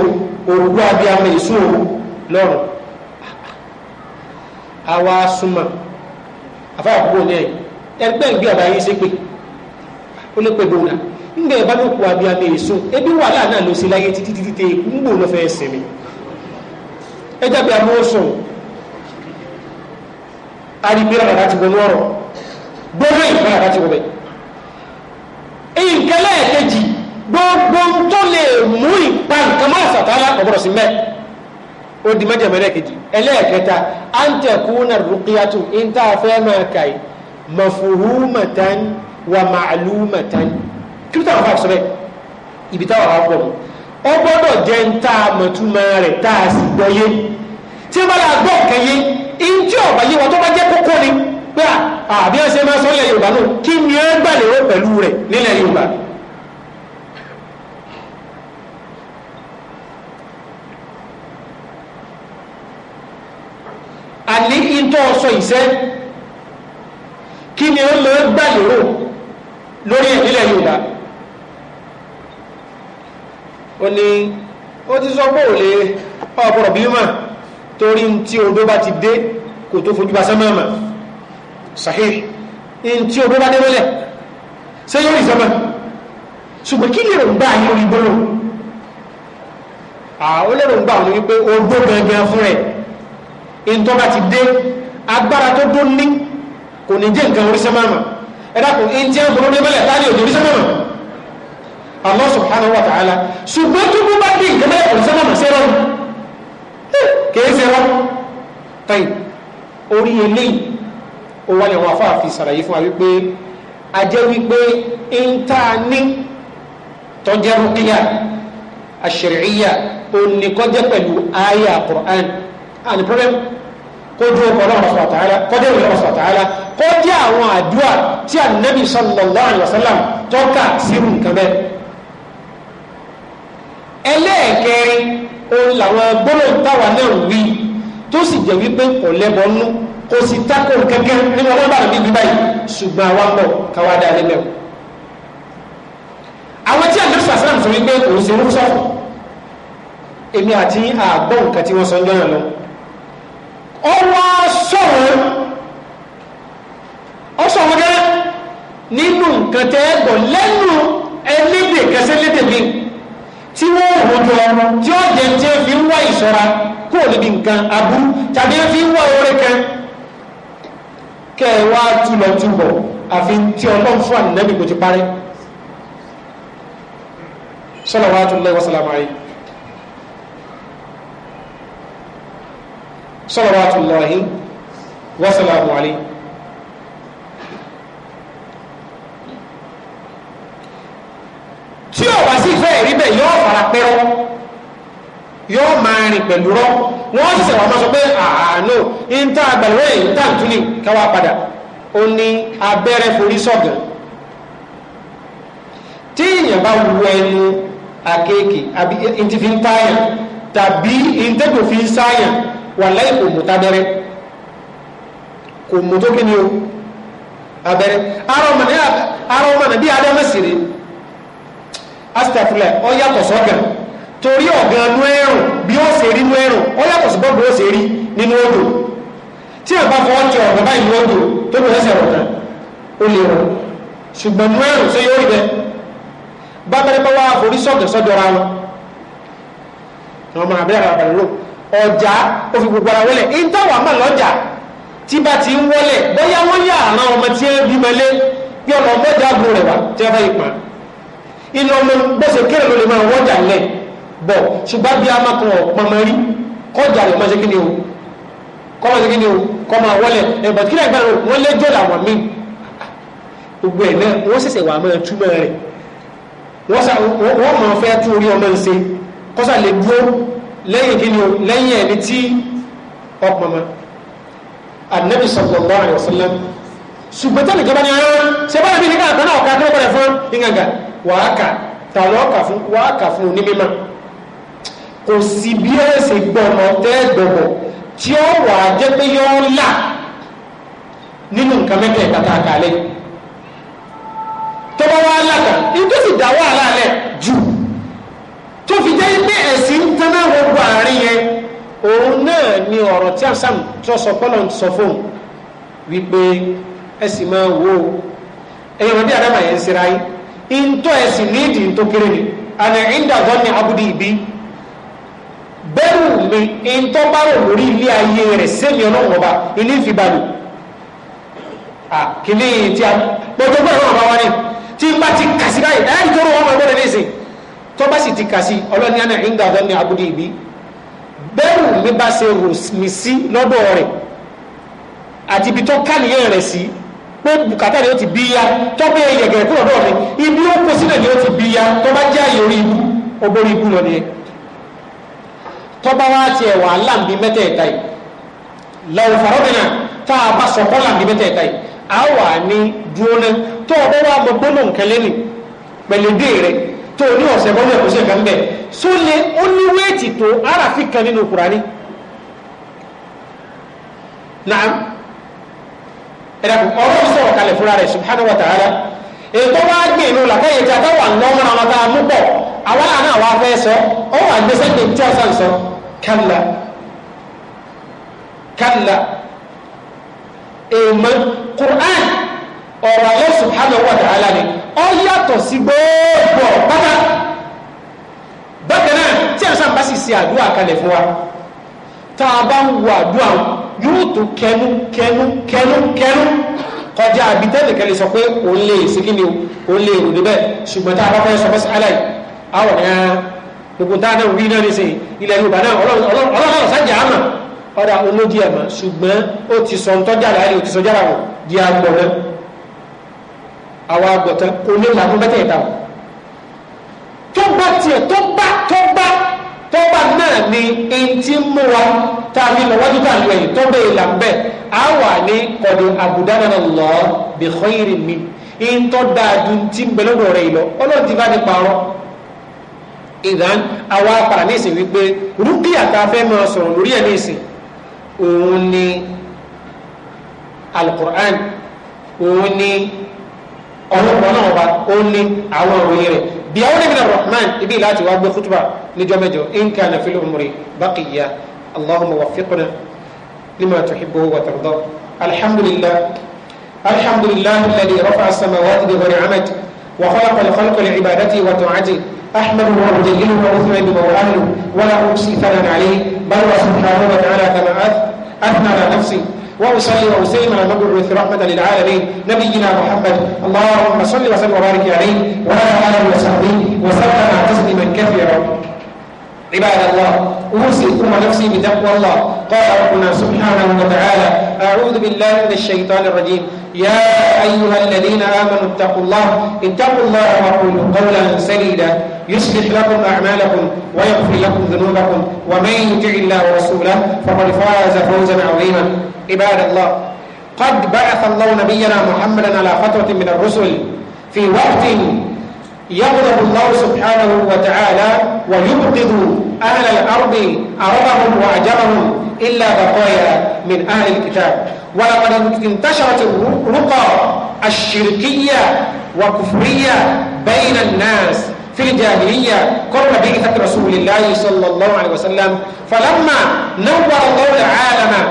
òwú àbí àmọ́ èso o n'ọrụ àwa súnmọ́ àfáàkúrò ní ẹ̀yìn ẹgbẹ́ ìgbé àbá yín ṣépè ó lè pè dòwúrà ńgbẹ́ ìbá ló kú àbí àmọ́ èso ebi wàhálà gbogbo ìfúnra kan ti wọ bẹ nǹkan lẹ́ẹ̀kejì gbogbo tó lè mú ìpa nǹkan máa sàtàlá ọ̀gbọ̀dọ̀ sí mẹ́ ó di mẹ́jọ mẹ́lẹ́kejì ẹlẹ́ẹ̀kẹta à ń tẹ̀kún náà rúkìyàtù ń tá a fẹ́ máa kà yìí mafuhumatan wa ma'lumatan kí ló tàwọn fáwọn sọ bẹ́ẹ̀ ibi pé àbí ẹsẹ̀ máa sọ ilẹ̀ yorùbá náà kí ni ẹ gbà lérò pẹ̀lú rẹ̀ nílẹ̀ yorùbá. àní ìtọ́ sọ ìṣẹ́ kí ni ó lè gbà lérò lórí ẹ̀ nílẹ̀ yorùbá. ó ní ó ti sọ pé ò lè ọ̀pọ̀lọpọ̀ bí mọ̀ torí tí odó bá ti dé kò tó fojú ba sẹ́mọ̀ sahih in tí o bó bá dé lọ́lẹ̀ ṣé yóò rí sọ́mọ́ ṣùgbọ́n kí lè rògbà yìí orí gbóló àwọn olèrògbà wọn wípé o gbó gangan fún rẹ̀ in tó bá ti dé agbára tó dún ní kò ní jẹ́ nǹkan orí sọ́mọ́ mọ́ ẹ̀dá kò in tí a burú ní orí eléyìí ó wá ní àwọn afáàfin sàlàyé fún wa wípé a jẹ́ wípé ń tá a ní tọ́jẹ́ rúkìyà àṣẹ̀ríyà oníkọ́jẹ́ pẹ̀lú àyà Qur'an and problem kó dúró kọ́ lọ́wọ́ Rasulullah ta'ala kó dé ìwé Rasulullah ta'ala àwọn àdúrà tí ànábì sallallahu alaihi wasallam tọ́ka sírù nǹkan bẹ́ẹ̀. ẹlẹ́ẹ̀kẹrin òun làwọn gbọ́dọ̀ táwa náà wí tó sì jẹ́ wípé kò kò sì tako kẹ̀kẹ́ nínú ọlọ́run bá nàbí bíbá yìí ṣùgbọ́n àwa pọ̀ káwá dá lé bẹ́ẹ̀ àwọn tí àlẹ́ sàṣẹ́lá sọ wípé kò sí irú sọ̀rọ̀ èmi àti àgbọ̀ nǹkan tí wọ́n sọ ń jọ́nà lọ ọwọ́ sọ̀rọ̀ ọsọ̀rọ̀ gẹ́gẹ́ nínú nǹkan tẹ́ ẹgbọ̀ lẹ́nu ẹlẹ́dẹ̀ kẹsẹ́ lẹ́dẹ̀ mi tí wọ́n rọjò tí ó jẹ́ tí ó fi ń wá ìṣọ́ra kó níbi nǹkan aburú tàbí ó fi ń wá oore kan kẹ́ ẹ wá túlọ̀ túbọ̀ àfi tí ọlọ́run fún ànínẹ́bì kò ti parí salawatullahi wa salamu alayhi salawatullahi wa salamu alayhi tí ọ̀wá sí ìfẹ́ ìrí bẹ̀ yọ fara pẹ́rọ́ yóò máa rìn pẹ̀lú rọ wọ́n sì sẹ̀wọ̀n máa sọ pé àánú ah, ah, ìta àgbàlúwẹ̀ ìta ìtúlì káwá padà ó ní abẹ́rẹ́ forí sọ̀gàn tí èèyàn bá wu ẹnu àkeèkè àbí ntí fi ń táyàn tàbí ntẹ́gbò fi ń sáyàn wà láì kò mú tábẹ́rẹ́ kò mú tó kíni o abẹ́rẹ́ ara ọmọ nàbí adamasi rè astafilẹ̀ ọ yàtọ̀ sọ́gàn. So torí ọ̀gán nú ẹ̀rùn bí ó ṣe rí nú ẹ̀rùn ó yàtọ̀ sí bọ́ọ̀bù ó ṣe rí nínú odò tí ẹ̀ bá fọwọ́ ti ọ̀gán báyìí nínú odò tó bí ẹsẹ̀ rọ̀ tán ó lè rọ̀ ṣùgbọ́n nú ẹ̀rùn ṣé yóò rí bẹ́ẹ̀ bá bẹ́rẹ̀ bá wá forí sọ̀gẹ̀ sọ́dọ̀ ra wọn àwọn ọmọ àbẹ́rẹ́ àbàlẹ́ lò ọjà ó fi gbogbo ara wọlé ń wọlé bóyá wọ́n yà àrán ọmọ tí kéré ló lè máa wọ́jà lẹ́ẹ̀ bọ̀ ṣùgbọ́n bí a máa kàn pọnmọ rí kọjá rẹ̀ máa ṣe kí ni o kọ́ máa ṣe kí ni o kọ́ máa wọlé ẹ̀bọ̀ kí náà gbàdúrà wọ́n lẹ́jọ́ làwọn míì gbogbo ẹ̀ náà wọ́n ṣẹ̀ṣẹ̀ wà máa túmọ̀ rẹ̀ wọ́n máa fẹ́ tún orí ọmọ ń ṣe kọ́sà lè dúró lẹ́yìn kí ni o lẹ́yìn ẹni tí ọ̀pọ̀ mọ́ anabi sallallahu alaihi wasallam ṣùgbọ́n tẹ́lẹ̀ ìjọba ni ara ṣe bá ẹbí nígbà kan náà ọ̀ka tó kọ̀rẹ̀ fún ìgàgà wàá kà tàwọn ọ̀ka fún wàá kà fún onímọ̀ kò sí bí ẹ̀sìn gbọ̀nà tẹ́ẹ̀gbọ̀bọ̀ tí ó wà jẹ́ pé yọ́ là nínú nǹkan mẹ́tẹ̀ ìpàtà àkàlẹ̀ tó bá wá látà tó dá wàhálà lẹ̀ jù tó fi jẹ́ pé ẹ̀sìn tánà gbogbo àárín yẹn òun náà ni ọ̀rọ̀ tí àṣàm tó sọ pọ́lọ̀ ń sọ fóun wípé ẹ̀sìn máa wo ẹ̀yìn wọn bí adama yẹn ń sira yìí ń tó ẹ̀sìn nídìí ń tó kéré ni àná ìdàgbọ́n ni abúdí ìbí bẹ́rù mi ìntọ́ bá rò lórí ilé ayé rẹ̀ sẹ́mi ọlọ́run ọba ilé ìfibàlù kìlí tí a gbogbo ẹ̀rọ ọba wa ni tí n bá ti kà sí báyìí láyé tó rọ ọmọ ẹgbẹ́ rẹ̀ nísìn tó bá sì ti kà sí ọlọ́ni àná ìgbà ọ̀dọ́ ni abudu ìbí bẹ́rù mi bá ṣe rò mí sí lọ́dọ̀ rẹ̀ àti ibi tó kàníyàn rẹ̀ sí pé bùkátà ni ó ti bí ya tó bẹ́ẹ̀ yẹ̀gẹ̀ kúrò lọ́dọ̀ mi ibi ó kó sílẹ̀ ni ó ti bí ya tó bá jẹ́ àyè orí ibú ó borí ibú lọ tọ́ba wá tiẹ̀ wà láǹbí mẹ́tẹ̀ẹ̀ta yìí lọ́wọ́ fàrọ́bìnà tá a bá sọ̀kọ́ láǹbí mẹ́tẹ̀ẹ̀ta yìí a wà ní dúróná tó ọ̀bọ̀ wà mọ gbóná nǹkan lẹ́nu pẹ̀lú dé rẹ tó ní ọ̀sẹ̀ bọ́ ní ọ̀sẹ̀ kan bẹ̀ só lé ó ní wéètì tó aráfi kan nínú Kùránì naam ẹ̀dàkùn ọ̀rọ̀ sọ̀rọ̀ kalẹ̀ fúnra rẹ̀ subhanahu wa ta'ala ètò bá gbé ìlú làkàyè tí a táwọn àwọn ọmọ náà wọn ta mú pọ̀ àwọn àná àwọn afẹ́ sọ ọ wà gbèsè ní tí a sàn sọ kálá kálá èèmọ̀ Qur'an ọ̀rọ̀ Allah subhanahu wa ta'ala ni ọ yàtọ̀ sí gbogbo pátá bákan náà tí àṣà bá sì ṣe àdúrà kalẹ̀ fún wa tá a bá ń wo àdúrà yóò tó kẹnu kẹnu kẹnu kẹnu kọjá àbítẹ́lẹ̀ kẹlẹ̀ sọ pé òun lè ṣe kí ni òun lè rò níbẹ̀ ṣùgbọ́n tá a bá fẹ́ sọ fẹ́ sí aláì àwọn ẹ̀yà gbogbo tá a náà wí náà ní sìn ilẹ̀ yorùbá náà ọlọ́run sájà àmà ọ̀dà olódì ẹ̀mà ṣùgbọ́n ó ti sọ ntọ́jà láàrin ó ti sọ jára wọ̀ di agbọ̀ náà àwọn agbọ̀tán onílànà bẹ́tẹ̀ ìta wọ̀ tó bá tiẹ̀ tó bá tó bá tó ni etí ń mú wa tá a fi lọ wájú tá a tí ń bẹ lọ́dọ̀ rẹ̀ yìí bá ní pààrọ̀ ìdán àwa apàdà ní ìsìn wípé rúkìá tá a fẹ́ máa sọ̀rọ̀ lórí ẹ̀ ní ìsìn òun ni alukur'an òun ni ọlọ́pàá náà wà ó ní àwọn òròyìn rẹ̀ bí àwọn ẹ̀mí náà rahman ibi láti wá gbé fútùbà níjọ́ mẹ́jọ inka na fil umri baqiya allahumma waffiqna lima tuhibbu wa tarda alhamdulillah alhamdulillah alladhi rafa'a as-samawati bi ghayri amad وخلق الخلق لعبادته وطاعتي أحمده وأجلله وأثنى بمرآله ولا أمسي ثنى عليه بل وسبحانه وتعالى كما أثنى على نفسي وأصلي وأسلم على المبعوث رحمة للعالمين نبينا محمد اللهم صل وسلم وبارك عليه وعلى آله وصحبه وسلم تسليما كثيرا عباد الله أوصيكم ونفسي بتقوى الله قال ربنا سبحانه وتعالى أعوذ بالله من الشيطان الرجيم يا أيها الذين آمنوا اتقوا الله اتقوا الله وقولوا قولا سديدا يصلح لكم أعمالكم ويغفر لكم ذنوبكم ومن يطع الله ورسوله فقد فاز فوزا عظيما عباد الله قد بعث الله نبينا محمدا على خطوة من الرسل في وقت يغضب الله سبحانه وتعالى ويبغض أهل الأرض أرضهم وأعجبهم إلا بقايا من أهل الكتاب ولقد انتشرت الرقى الشركية وكفرية بين الناس في الجاهلية قبل بعثة رسول الله صلى الله عليه وسلم فلما نور الله العالم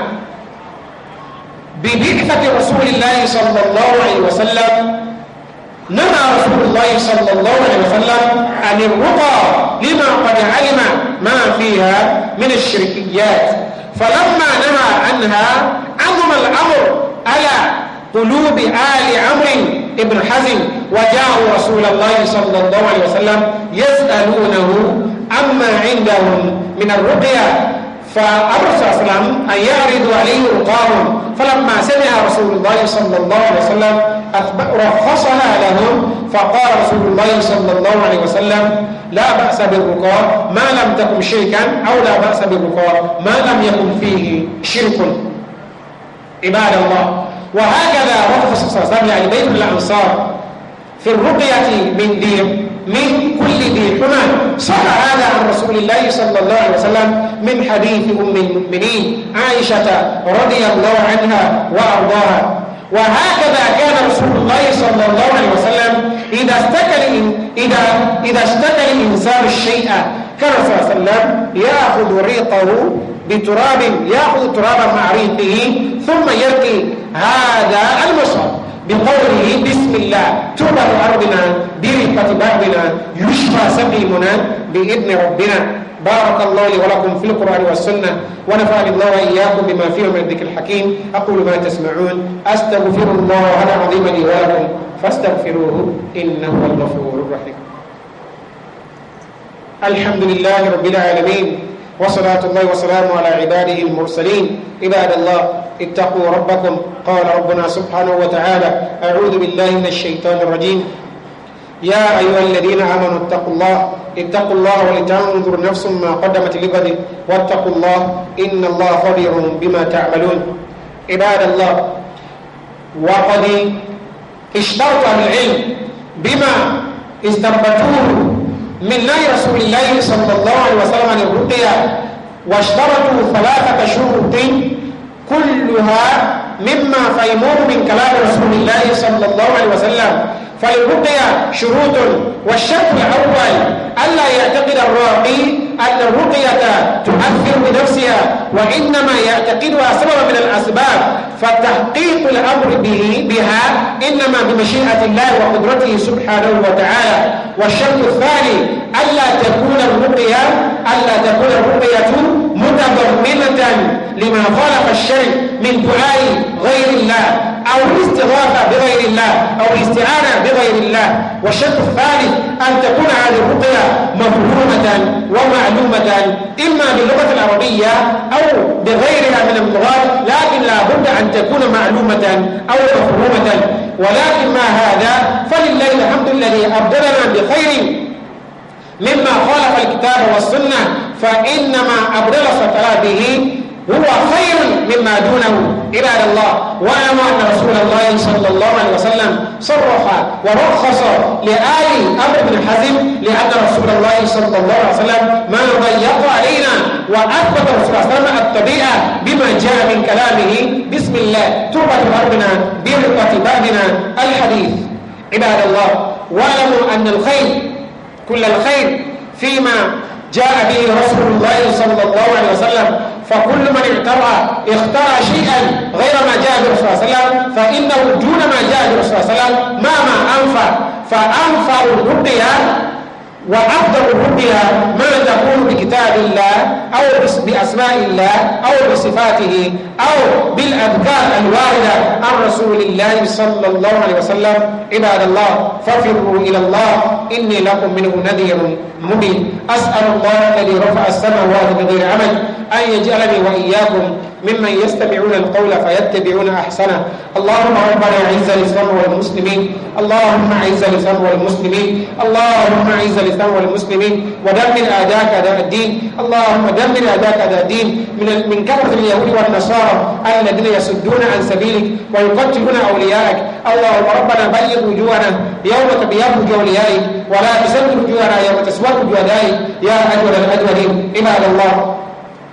ببعثة رسول الله صلى الله عليه وسلم نهى رسول الله صلى الله عليه وسلم عن الرقى لما قد علم ما فيها من الشركيات فلما نهى عنها عظم الأمر على قلوب آل عمر ابن حزم وجاءوا رسول الله صلى الله عليه وسلم يسألونه عما عندهم من الرقية فأمر صلى الله عليه وسلم أن يعرض عليه رقاب فلما سمع رسول الله صلى الله عليه وسلم رخصها لهم فقال رسول الله صلى الله عليه وسلم لا بأس بالرقاب ما لم تكن شركا أو لا بأس بالرقاب ما لم يكن فيه شرك عباد الله وهكذا رخص صلى الله عليه وسلم يعني بيت الأنصار في الرقية من دين من كل ذي حمى صح هذا عن رسول الله صلى الله عليه وسلم من حديث أم المؤمنين عائشة رضي الله عنها وأرضاها وهكذا كان رسول الله صلى الله عليه وسلم إذا اشتكى إذا إذا اشتكى الإنسان الشيء كان صلى الله عليه وسلم يأخذ ريقه بتراب يأخذ ترابا مع ريقه ثم يلقي هذا المصاب بقوله بسم الله تبر أرضنا برقة بعضنا يشفى سقيمنا بإذن ربنا بارك الله لي ولكم في القرآن والسنة ونفعني الله وإياكم بما فيه من الذكر الحكيم أقول ما تسمعون أستغفر الله العظيم لي ولكم فاستغفروه إنه الغفور الرحيم الحمد لله رب العالمين وصلاة الله وسلامه على عباده المرسلين عباد الله اتقوا ربكم قال ربنا سبحانه وتعالى أعوذ بالله من الشيطان الرجيم يا أيها الذين آمنوا اتقوا الله اتقوا الله ولتنظر نفس ما قدمت لغد واتقوا الله إن الله خبير بما تعملون عباد الله وقد اشترط العلم بما استربتوه من نهي رسول الله صلى الله عليه وسلم عن الرقية واشترطوا ثلاثة شروط كلها مما فهموه من كلام رسول الله صلى الله عليه وسلم فالرقية شروط والشرط الأول ألا يعتقد الراقي أن الرقية تؤثر بنفسها وإنما يعتقدها سببا من الأسباب فتحقيق الأمر به بها إنما بمشيئة الله وقدرته سبحانه وتعالى والشرط الثاني ألا تكون الرقية ألا تكون الرقية متضمنة لما خالف الشرع من دعاء غير الله أو الاستغاثة بغير الله أو الاستعانة بغير الله والشرط الثالث أن تكون هذه الرقية مفهومة ومعلومة إما باللغة العربية أو بغيرها من اللغات لكن لا بد أن تكون معلومة أو مفهومة ولكن ما هذا فلله الحمد الذي أبدلنا بخير مما خالف الكتاب والسنة فإنما أبدل فترى هو خير مما دونه عباد الله واعلموا أن رسول الله صلى الله عليه وسلم صرح ورخص لآل أمر بن حزم لأن رسول الله صلى الله عليه وسلم ما ضيق علينا وأثبت رسول الله صلى الطبيعة بما جاء من كلامه بسم الله تربة ربنا برقة بابنا الحديث عباد الله واعلموا أن الخير كل الخير فيما جاء به رسول الله صلى الله عليه وسلم فكل من اخترع اخترع شيئا غير ما جاء به الرسول صلى الله عليه وسلم فإنه دون ما جاء به الرسول صلى الله عليه وسلم ما ما أنفع فأنفع الرقية وأفضل الرؤيا ما تكون بكتاب الله أو بأسماء الله أو بصفاته أو بالأذكار الواردة عن رسول الله صلى الله عليه وسلم عباد الله ففروا إلى الله إني لكم منه نذير مبين أسأل الله الذي رفع السماوات بغير عمل أن يجعلني وإياكم ممن يستمعون القول فيتبعون أحسنه اللهم ربنا اعز الإسلام والمسلمين اللهم اعز الإسلام والمسلمين اللهم اعز الإسلام والمسلمين ودمر أعداءك أعداء الدين اللهم دمر أعداءك أعداء الدين من من كثرة اليهود والنصارى الذين يصدون عن سبيلك ويقتلون أوليائك اللهم ربنا بيض وجوهنا يوم تبيض وجوه أوليائك ولا تسد وجوهنا يوم تسود وجوه يا أجود الأجودين عباد الله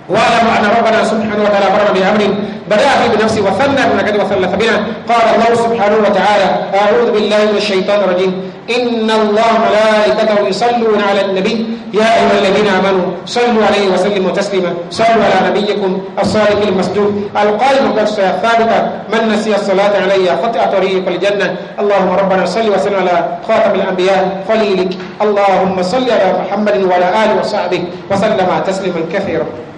واعلم أن ربنا سبحانه وتعالى أمرنا بأمر بدأ فيه بنفسه وثنى بملكته وثلث بنا قال الله سبحانه وتعالى أعوذ بالله من الشيطان الرجيم إن الله ملائكته يصلون على النبي يا أيها الذين آمنوا صلوا عليه وسلموا تسليما صلوا على نبيكم الصالح المسجود القائم بنفسه الثابتة من نسي الصلاة علي خطأ طريق الجنة اللهم ربنا صل وسلم على خاتم الأنبياء خليلك اللهم صل على محمد وعلى آله وصحبه وسلم تسليما كثيرا